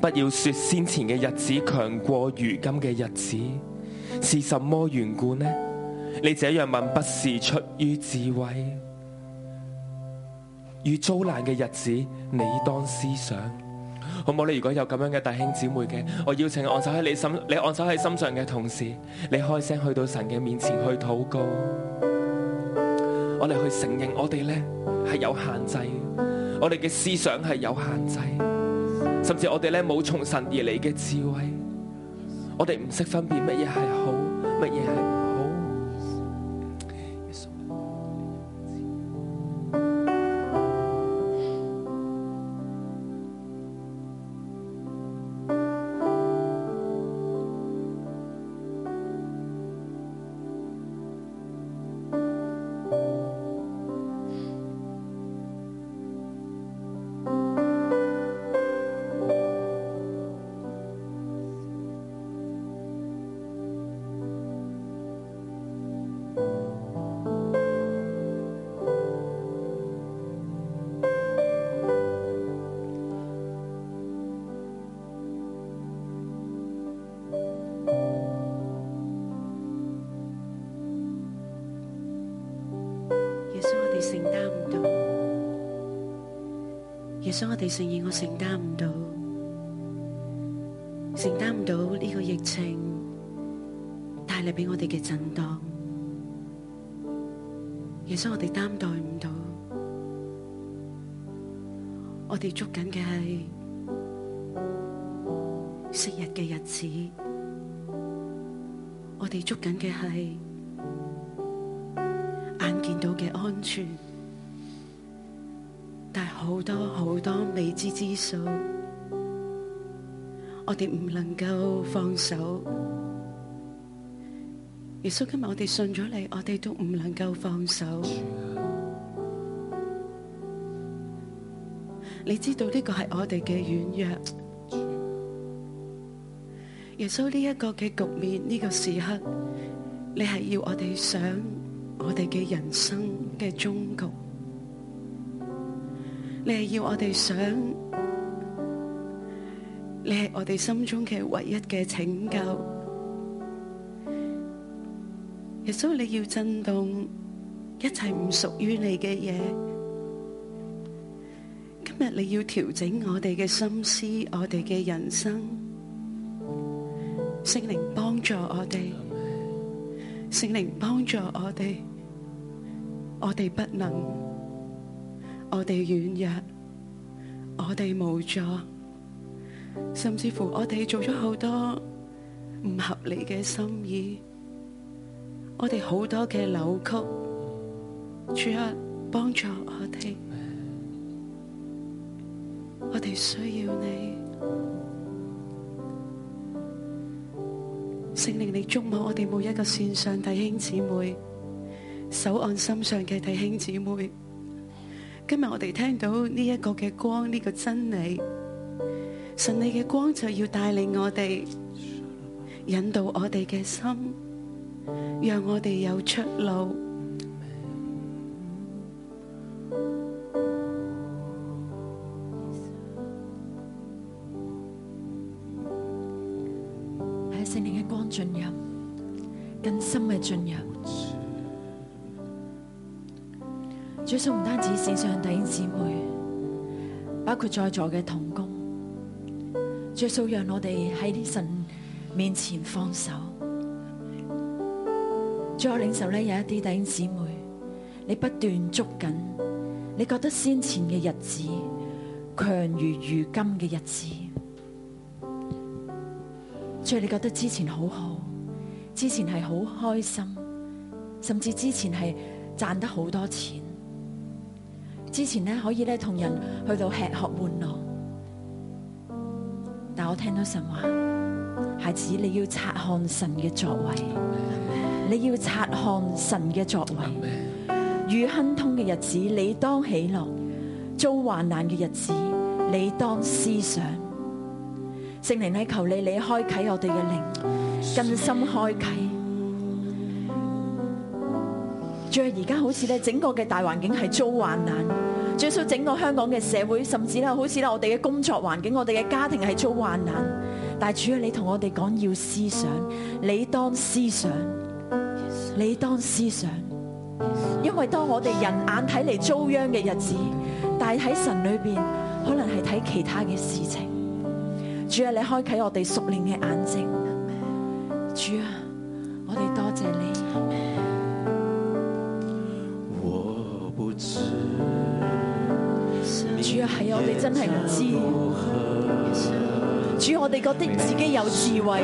不要說先前嘅日子強過如今嘅日子，是什麼緣故呢？你這樣問不是出於智慧。遇遭難嘅日子，你當思想，好唔好？你如果有咁樣嘅弟兄姊妹嘅，我邀請按手喺你心，你按手喺心上嘅同時，你開聲去到神嘅面前去禱告。我哋去承認我哋呢係有限制，我哋嘅思想係有限制。甚至我哋咧冇從神而嚟嘅智慧，我哋唔識分辨乜嘢係好，乜嘢係壞。承認我承擔唔到，承擔唔到呢個疫情帶嚟俾我哋嘅震盪，耶穌我哋擔待唔到，我哋捉緊嘅係昔日嘅日子，我哋捉緊嘅係眼見到嘅安全。好多好多未知之數，我哋唔能夠放手。耶穌今日我哋信咗你，我哋都唔能夠放手。你知道呢個係我哋嘅軟弱。耶穌呢一個嘅局面，呢個時刻，你係要我哋想我哋嘅人生嘅終局。你係要我哋想，你係我哋心中嘅唯一嘅拯救。耶穌你要震動一切唔屬於你嘅嘢，今日你要調整我哋嘅心思，我哋嘅人生。聖靈幫助我哋，聖靈幫助我哋，我哋不能。我哋軟弱，我哋無助，甚至乎我哋做咗好多唔合理嘅心意，我哋好多嘅扭曲，主啊，幫助我哋，我哋需要你，聖靈你觸摸我哋每一個線上的弟兄姊妹，手按心上嘅弟兄姊妹。今日我哋聽到呢一個嘅光，呢、這個真理，神你嘅光就要帶領我哋，引導我哋嘅心，讓我哋有出路。在座嘅同工，着數讓我哋喺神面前放手。作為領袖咧，有一啲弟兄姊妹，你不斷捉緊，你覺得先前嘅日子強如如今嘅日子，所以你覺得之前好好，之前係好開心，甚至之前係賺得好多錢。之前可以咧同人去到吃喝玩樂，但我聽到神話，孩子你要察看神嘅作為，你要察看神嘅作為。遇亨通嘅日子，你當喜樂；遭患難嘅日子，你當思想。聖靈係求你，你開啟我哋嘅靈，更深開啟。啊、現在而家好似咧，整個嘅大環境係遭患難，最所、啊、整個香港嘅社會，甚至咧好似咧，我哋嘅工作環境，我哋嘅家庭係遭患難。但係主啊，你同我哋講要思想，你當思想，你當思想，yes. 因為當我哋人眼睇嚟遭殃嘅日子，但係喺神裏邊，可能係睇其他嘅事情。主啊，你開啟我哋屬靈嘅眼睛，主啊，我哋當。真係唔知，yes, 主我哋覺得自己有智慧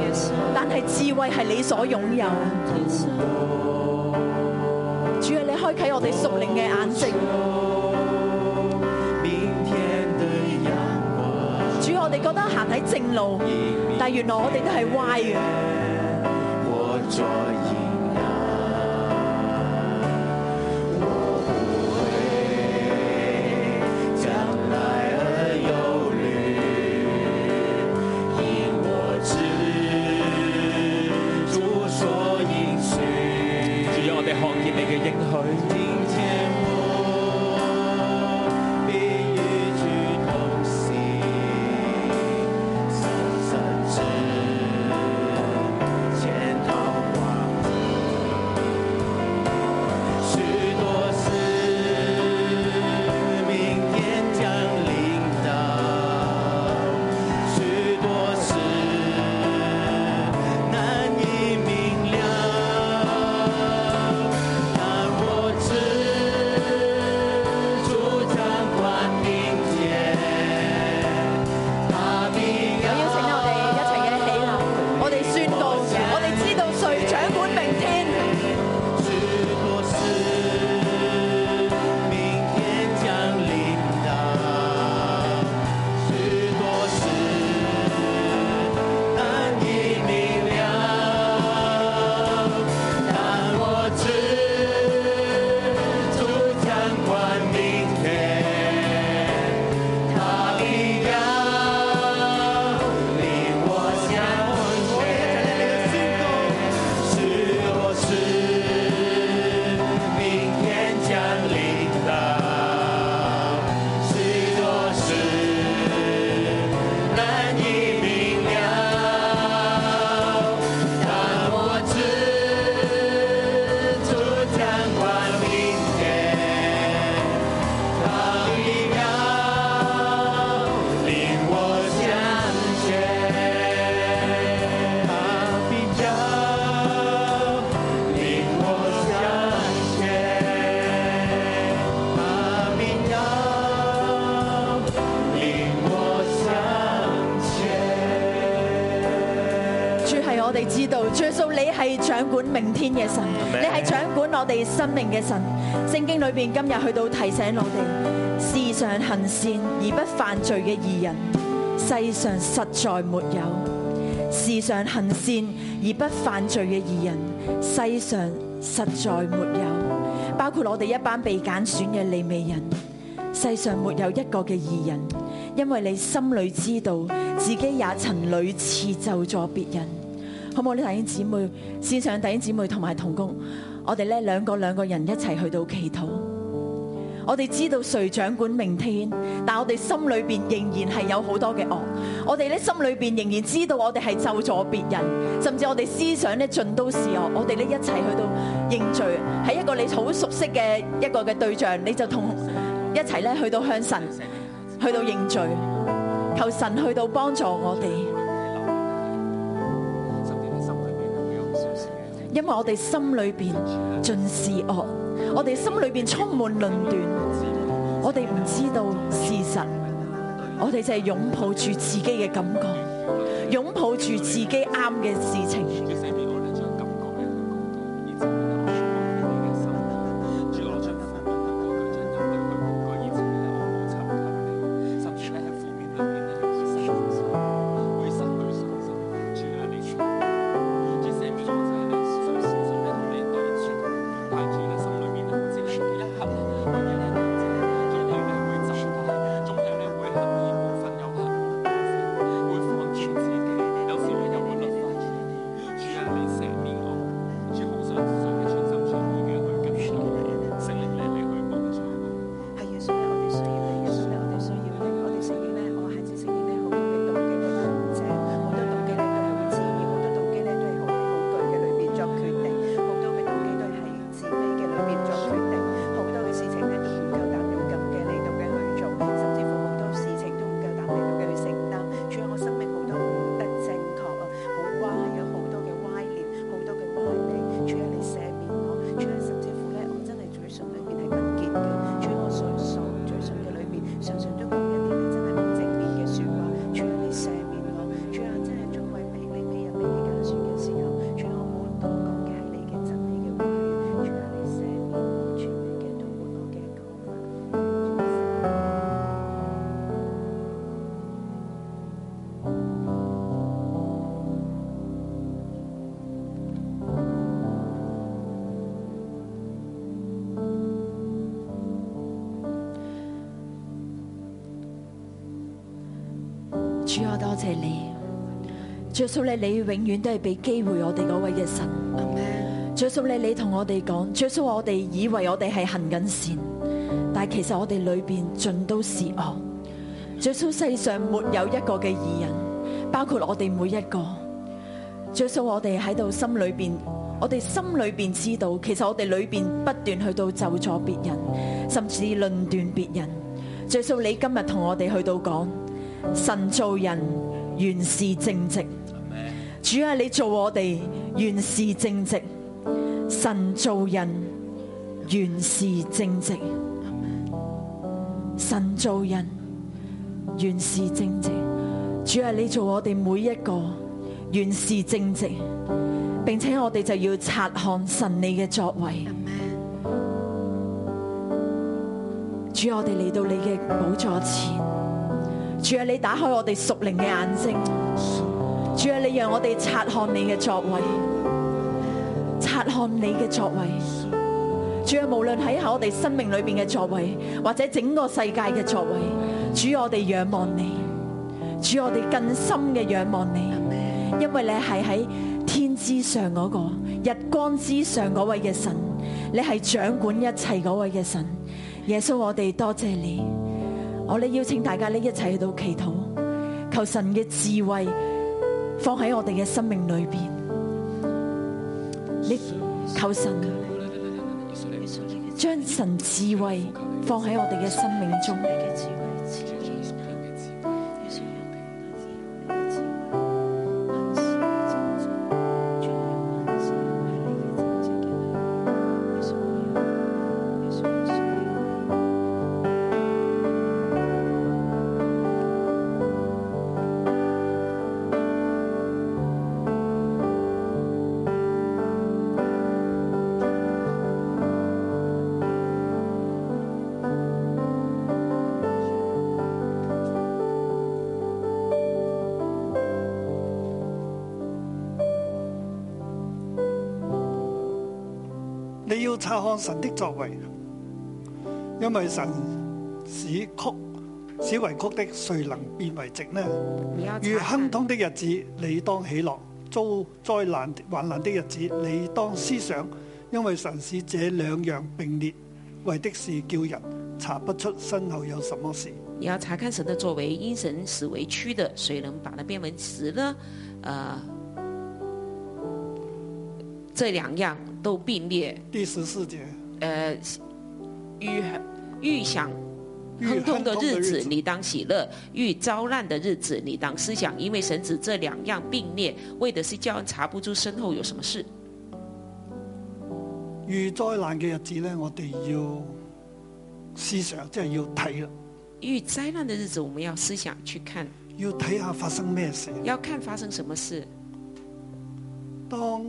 ，yes, 但係智慧係你所擁有。Yes, 主你開啟我哋屬靈嘅眼睛。明天的光主，我哋覺得行喺正路，但係原來我哋都係歪嘅。我掌管明天嘅神，你係掌管我哋生命嘅神。聖經裏邊今日去到提醒我哋，時常行善而不犯罪嘅義人，世上實在沒有；時常行善而不犯罪嘅義人，世上實在沒有。沒有包括我哋一班被揀選嘅利未人，世上沒有一個嘅義人，因為你心裏知道自己也曾屢次咒詛別人。好唔好呢？弟兄姊妹，線上弟兄姊妹同埋同工，我哋咧兩個兩個人一齊去到祈禱。我哋知道誰掌管明天，但我哋心裏邊仍然係有好多嘅惡。我哋咧心裏邊仍然知道我哋係咒詛別人，甚至我哋思想咧盡都是惡。我哋呢，一齊去到認罪，喺一個你好熟悉嘅一個嘅對象，你就同一齊咧去到向神去到認罪，求神去到幫助我哋。因為我哋心裏面盡是惡，我哋心裏面充滿論斷，我哋唔知道事實，我哋就係擁抱住自己嘅感覺，擁抱住自己啱嘅事情。謝，謝你，耶穌你，你永遠都係俾機會我哋嗰位嘅神。耶穌你，你同我哋講，耶穌，我哋以為我哋係行緊善，但係其實我哋裏邊盡都是惡。耶穌，世上沒有一個嘅義人，包括我哋每一個。耶穌，我哋喺度心裏邊，我哋心裏邊知道，其實我哋裏邊不斷去到咒詛別人，甚至論斷別人。耶穌，你今日同我哋去到講，神做人原是正直，正直，正直，正直，主係你做我哋原是正直，神造人原是正直，神造人原是正直，主係你做我哋每一個原是正直，並且我哋就要察看神你嘅作為。主，我哋嚟到你嘅寶座前。主啊，你打開我哋屬靈嘅眼睛；主啊，你讓我哋察看你嘅作為，察看你嘅作為。主啊，無論喺我哋生命裏邊嘅作為，或者整個世界嘅作為，主啊，我哋仰望你，主啊，我哋更深嘅仰望你，因為你係喺天之上嗰個日光之上嗰位嘅神，你係掌管一切嗰位嘅神，耶穌，我哋多謝你。我哋邀請大家呢一齊去到祈禱，求神嘅智慧放喺我哋嘅生命裏邊。你求神將神智慧放喺我哋嘅生命中。看神的作為，因為神使曲，使為曲的，誰能變為直呢？遇亨通的日子，你當喜樂；遭災難患難的日子，你當思想，因為神使這兩樣並列，為的是叫人查不出身後有什麼事。你要查看神的作為，因神使為曲的，誰能把它變為直呢？呃這兩樣都並列。第十四節，呃，遇想享亨通的日子，你當喜樂；遇遭難的日子，你當思想。因為神使這兩樣並列，為的是叫人查不出身後有什麼事。遇災難的日子呢，我哋要思想，即係要睇啦。遇災難的日子，我們要思想去看，要睇下發生咩事，要看發生什麼事。當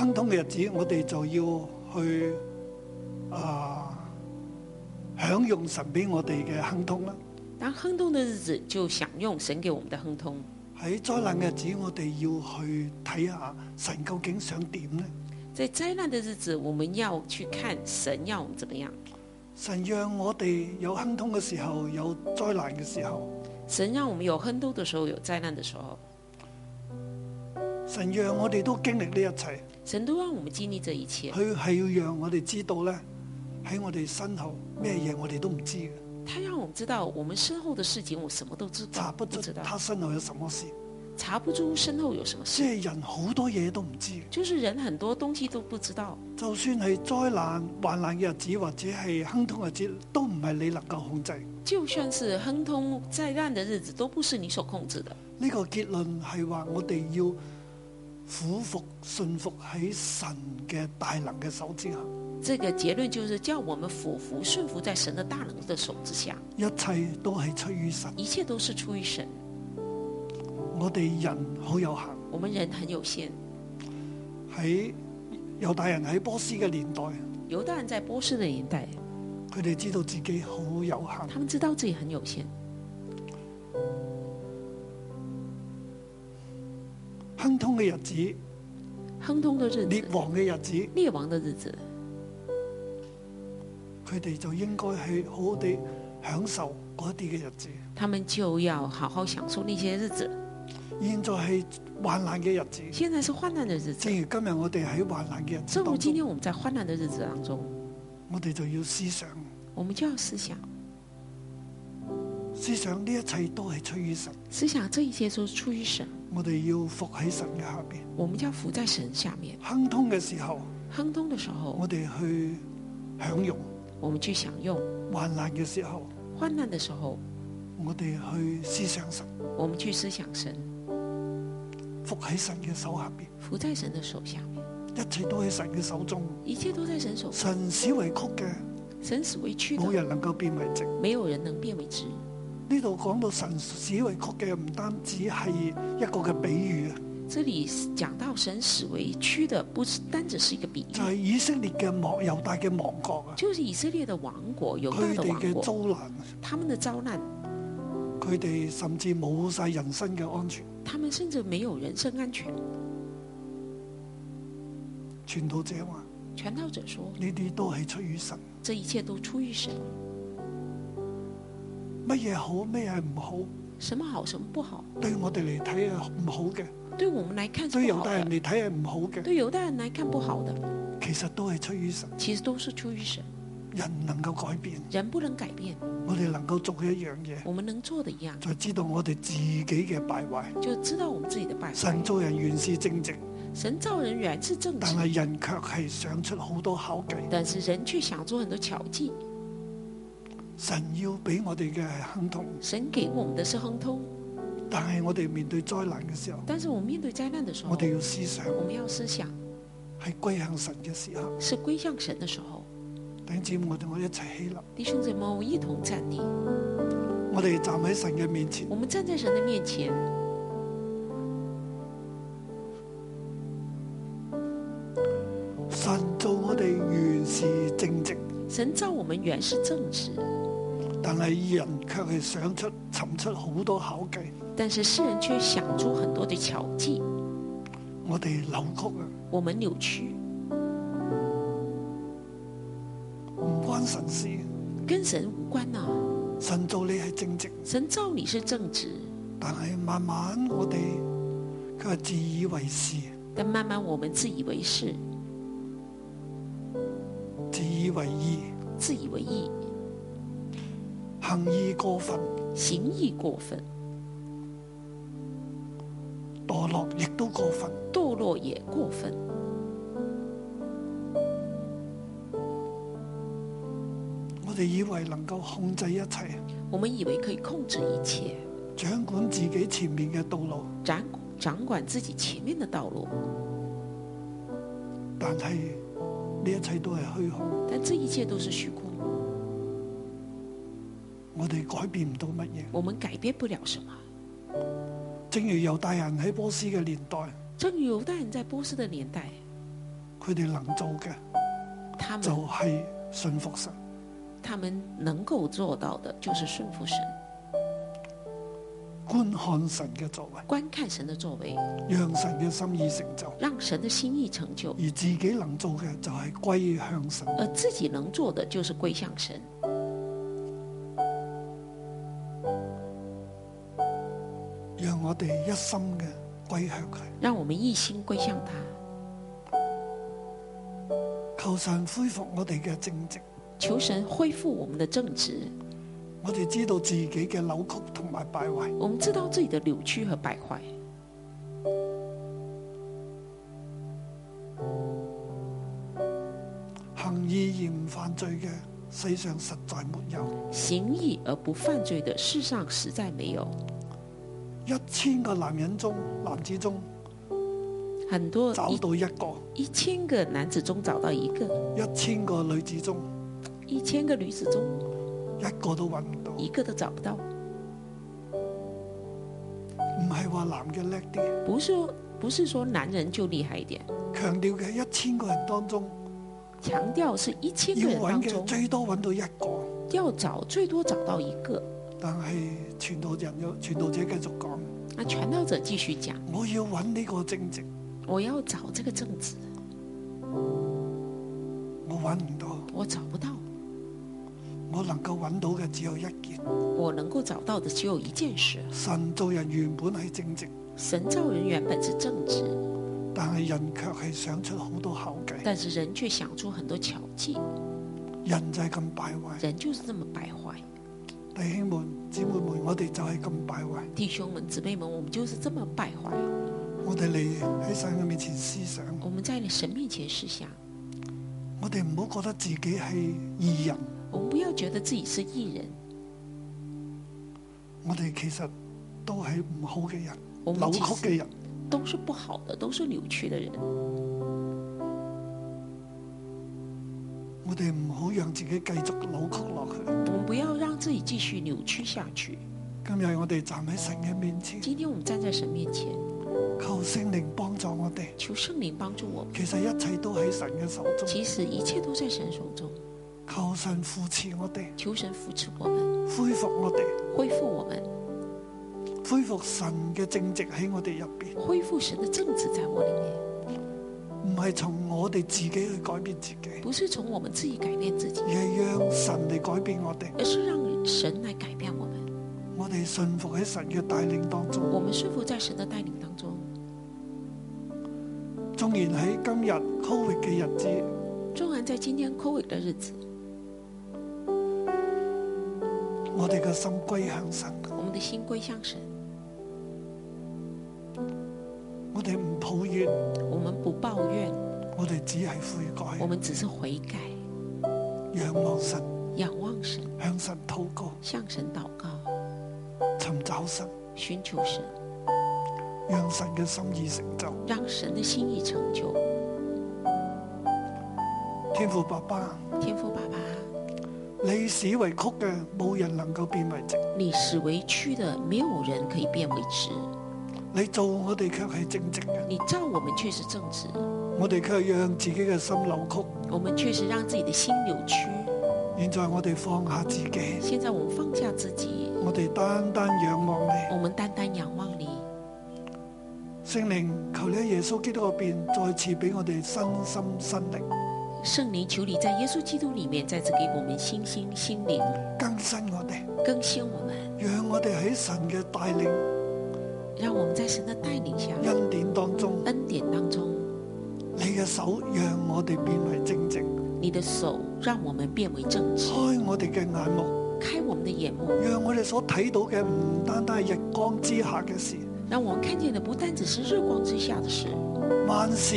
亨通嘅日子，我哋就要去啊享用神俾我哋嘅亨通啦。當亨通嘅日子就享用神給我們的亨通、通。喺災難嘅日子，我哋要去睇下神究竟想點呢？在災難的日子，我們要去看神要我們怎麼樣。神讓我哋有亨通嘅時候，有災難嘅時候。神讓我們有亨通的時候，有災難的時候。神讓我哋都經歷呢一切。神都讓我們經歷這一切，佢係要讓我哋知道呢，喺我哋身後咩嘢我哋都唔知。他讓我們知道，我們我們知道，我們知道我們身後的事情我什麼都知道，查不到，他身後有什麼事，查不出身後有什麼事。即、就、係、是、人好多嘢都唔知，就是人很多東西都不知道。就算係災難、患難嘅日子，或者係亨通的日子，都唔係你能夠控制。就算是亨通、災難的日子，都不是你所控制的。呢、這個結論係話我哋要。俯服順服喺神嘅大能嘅手之下，這個結論就是叫我們俯服順服在神的大能的手之下。一切都係出於神，一切都是出於神。我哋人好有限，我們人很有限。喺猶大人喺波斯嘅年代，猶大人在波斯嘅年代，佢哋知道自己好有限，他們知道自己很有限。亨通嘅日子，亨通嘅日子；滅亡嘅日子，滅亡嘅日子。佢哋就應該去好好哋享受嗰啲嘅日子。他們就要好好享受那些日子。現在係患難嘅日子，現在是患難嘅日子。正如今日我哋喺患難嘅日子，正如今天我們在患難嘅日子當中，我哋就要思想。我們就要思想。思想呢一切都係出於神，思想這一切都是出於神。我哋要服喺神嘅下邊，我們就要服在神的下面。亨通嘅時候，亨通嘅時候，我哋去享用，我們去享用。患難嘅時候，患難嘅時候，我哋去思想神，我們去思想神，服喺神嘅手下邊，服在神嘅手下面。一切都喺神嘅手中，一切都在神手上。神使為曲嘅，神使為曲嘅，冇人能夠變為直，沒有人能變為直。呢度講到神使為曲嘅唔單止係一個嘅比喻啊！這裏講到神使為曲嘅，不單止是一個比喻。就係、是、以色列嘅莫猶大嘅亡國啊！就是以色列嘅亡國猶大嘅佢哋嘅遭難啊！他們的遭難，佢哋甚至冇晒人身嘅安全。他們甚至沒有人身安全。傳道者話，傳道者說呢啲都係出於神，這一切都出於神。乜嘢好，咩係唔好？什麼好，什麼不好？對我哋嚟睇係唔好嘅。對我們來看，對猶大人嚟睇係唔好嘅。對猶大人嚟看不好嘅。其實都係出於神。其實都是出於神。人能夠改變？人不能改變。我哋能夠做一樣嘢。我們能做的一樣。就知道我哋自己嘅敗壞。就知道我們自己嘅敗壞。神造人原是正直。神造人原是正直。但係人卻係想出好多巧計。但是人卻想出很多巧計。神要俾我哋嘅亨通，神給我們的是亨通，但係我哋面對災難嘅時候，但是我們面對災難的時候，我哋要思想，我哋要思想係歸向神嘅時候。是歸向神嘅時候。弟兄我哋我一齊起，起立，弟兄姊妹，我一同站立，我哋站喺神嘅面前，我哋站在神嘅面前。神造我哋原是正直，神造我們原是正直。神造我們原是正直。但係人卻係想出、尋出好多巧計。但是世人卻想出很多嘅巧計。我哋扭曲啦。我們扭曲。唔關神事。跟神無關啊。神造你係正直。神造你是正直。但係慢慢我哋佢係自以為是。但慢慢我們自以為是。自以為意。自以為意。行義過分，行義過分，墮落亦都過分，墮落也過分。我哋以為能夠控制一切，我們以為可以控制一切，掌管自己前面嘅道路，掌管自己前面的道路，但係呢一切都係虛空，但這一切都是虛空。我哋改變唔到乜嘢。我們改變不了什麼。正如猶大人喺波斯嘅年代。正如猶大人在波斯的年代，佢哋能做嘅，就係信服神。他們能夠做到的，就是順服神，觀看神嘅作為。觀看神的作為。讓神嘅心意成就。讓神的心意成就。而自己能做嘅，就係歸向神。而自己能做的，就是歸向神。我哋一心嘅歸向佢，讓我們一心歸向他。求神恢復我哋嘅正直，求神恢復我們嘅正直。我哋知道自己嘅扭曲同埋敗壞，我們知道自己嘅扭曲和敗壞。行義而唔犯罪嘅，世上實在沒有，行義而不犯罪嘅，世上實在沒有。一千個男人中男子中，很多找到一個一千個男子中找到一個，一千個女子中一千個女子中一個都揾唔到一個都找不到唔係話男嘅叻啲，不是不是，不是說男人就厲害一點，強調嘅係一千個人當中，強調係一千個人當中最多揾到一個要找最多找到一個，但係。傳道人又傳道者繼續講，啊，傳道者繼續講。我要揾呢個正直，我要找這個正直，我揾唔到，我找不到，我能夠揾到嘅只有一件，我能夠找到嘅只有一件事。神造人原本係正直，神造人原本是正直，但係人卻係想出好多巧計，但是人卻想出很多巧計，人就係咁敗壞，人就是這麼敗壞。弟兄們、姊妹們，我哋就係咁敗壞。弟兄們、姊妹們，我們就是這麼敗壞。我哋嚟喺神嘅面前思想。我們在神面前思想。我哋唔好覺得自己係異人。我們不要覺得自己是異人。我哋其實都係唔好嘅人，扭曲嘅人，都是不好的，都是扭曲的人。我哋唔好讓自己繼續扭曲落去。我們不要讓自己繼續扭曲下去。今日我哋站喺神嘅面前。今天我們站在神面前，求聖靈幫助我哋。求聖靈幫助我們。其實一切都喺神嘅手中。其實一切都在神手中。求神扶持我哋。求神扶持我們，恢復我哋，恢復我們，恢復神嘅正直喺我哋入邊。恢復神嘅正直在我裏面。唔係從我哋自己去改變自己，不是從我們自己改變自己，而係讓神嚟改變我哋，而是讓神來改變我哋。我哋順服喺神嘅帶領當中，我們順服在神嘅帶領當中。縱然喺今日 COVID 嘅日子，縱然在今天 COVID 的日子，我哋嘅心歸向神，我們的心歸向神。我哋唔抱怨，我哋唔抱怨。我哋只係悔改，我哋只是悔改。仰望神，仰望神，向神禱告，向神禱告，尋找神，尋求神，讓神嘅心意成就，讓神嘅心意成就。天父爸爸，天父爸爸，歷史為曲嘅，冇人能夠變為直；歷史為曲嘅，冇人可以變為直。你做我哋卻係正直嘅，你做我們確實正直。我哋卻讓自己嘅心扭曲，我們確實讓自己的心扭曲。現在我哋放下自己，現在我放下自己。我哋單單仰望你，我們單單仰望你。聖靈，求你喺耶穌基督嗰邊再次俾我哋新心新靈。聖靈，求你在耶穌基督裏面再次給我們新心新靈，更新我哋，更新我們，讓我哋喺神嘅帶領。讓我們在神的帶領下，恩典當中，恩典當中，你嘅手讓我哋變為正直，你的手讓我們變為正直，開我哋嘅眼目，開我們的眼目，讓我哋所睇到嘅唔單單係日光之下嘅事，讓我們看見的不單只是日光之下的事，萬事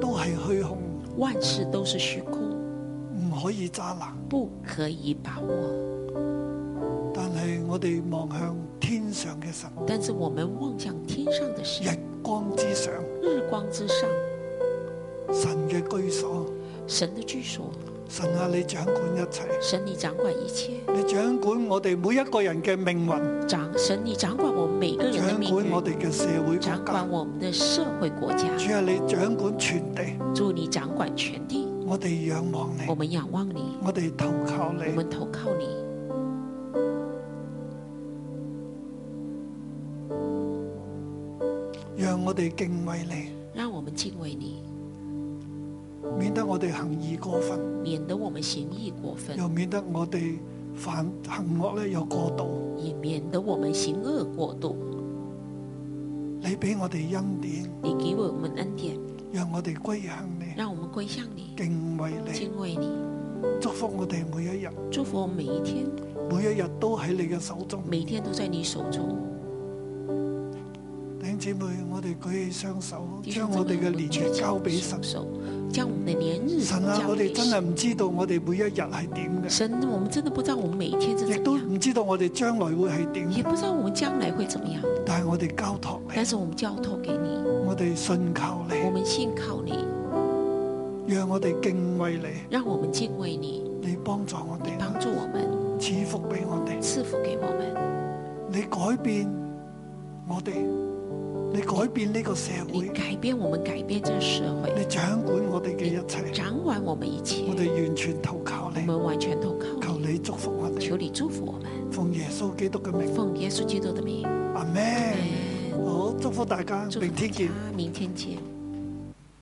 都係虛空，萬事都是虛空，唔可以揸拿，不可以把握，但係我哋望向。天上嘅神，但是我們望向天上的神，日光之上，日光之上，神嘅居所，神嘅居所，神啊，你掌管一切，神你掌管一切，你掌管我哋每一個人嘅命運，掌神你掌管我們每個人的命運，掌管我哋嘅社會，掌管我們的社會國家，主啊，你掌管全地，主你掌管全地，我哋仰望你，我們仰望你，我哋投靠你，我們投靠你。我哋敬畏你，讓我們敬畏你，免得我哋行義過分，免得我們行義過分，又免得我哋犯行惡咧又過度，也免得我們行惡過度。你俾我哋恩典，你給我們恩典，讓我哋歸向你，讓我們歸向你，敬畏你，敬畏你，祝福我哋每一日，祝福我每一天，每一日都喺你嘅手中，每天都在你手中。請姐妹，我哋舉起雙手，將我哋嘅年月交俾神手，嗯。將我們的年日交給神。神啊，我哋真係唔知道，我哋每一日係點嘅。神，我們真的不知道，我哋每一天真係。亦都唔知道我，知道我哋將來會係點。也不知道我們將來會怎麼樣。但係我哋交託你。但是我們交託給你。我哋信靠你。我們信靠你。讓我哋敬畏你。讓我們敬畏你。你幫助我哋。幫助我們。賜福俾我哋。賜福給我們。你改變我哋。你改變呢個社會，你改變我們改變這個社會，你掌管我哋嘅一切，掌管我們一切，我哋完全投靠你，我們完全投靠，靠你，求你祝福我哋，求你祝福我們，奉耶穌基督嘅名，奉耶穌基督的名，阿門。好，Amen Amen，祝福大家，明天見，明天見。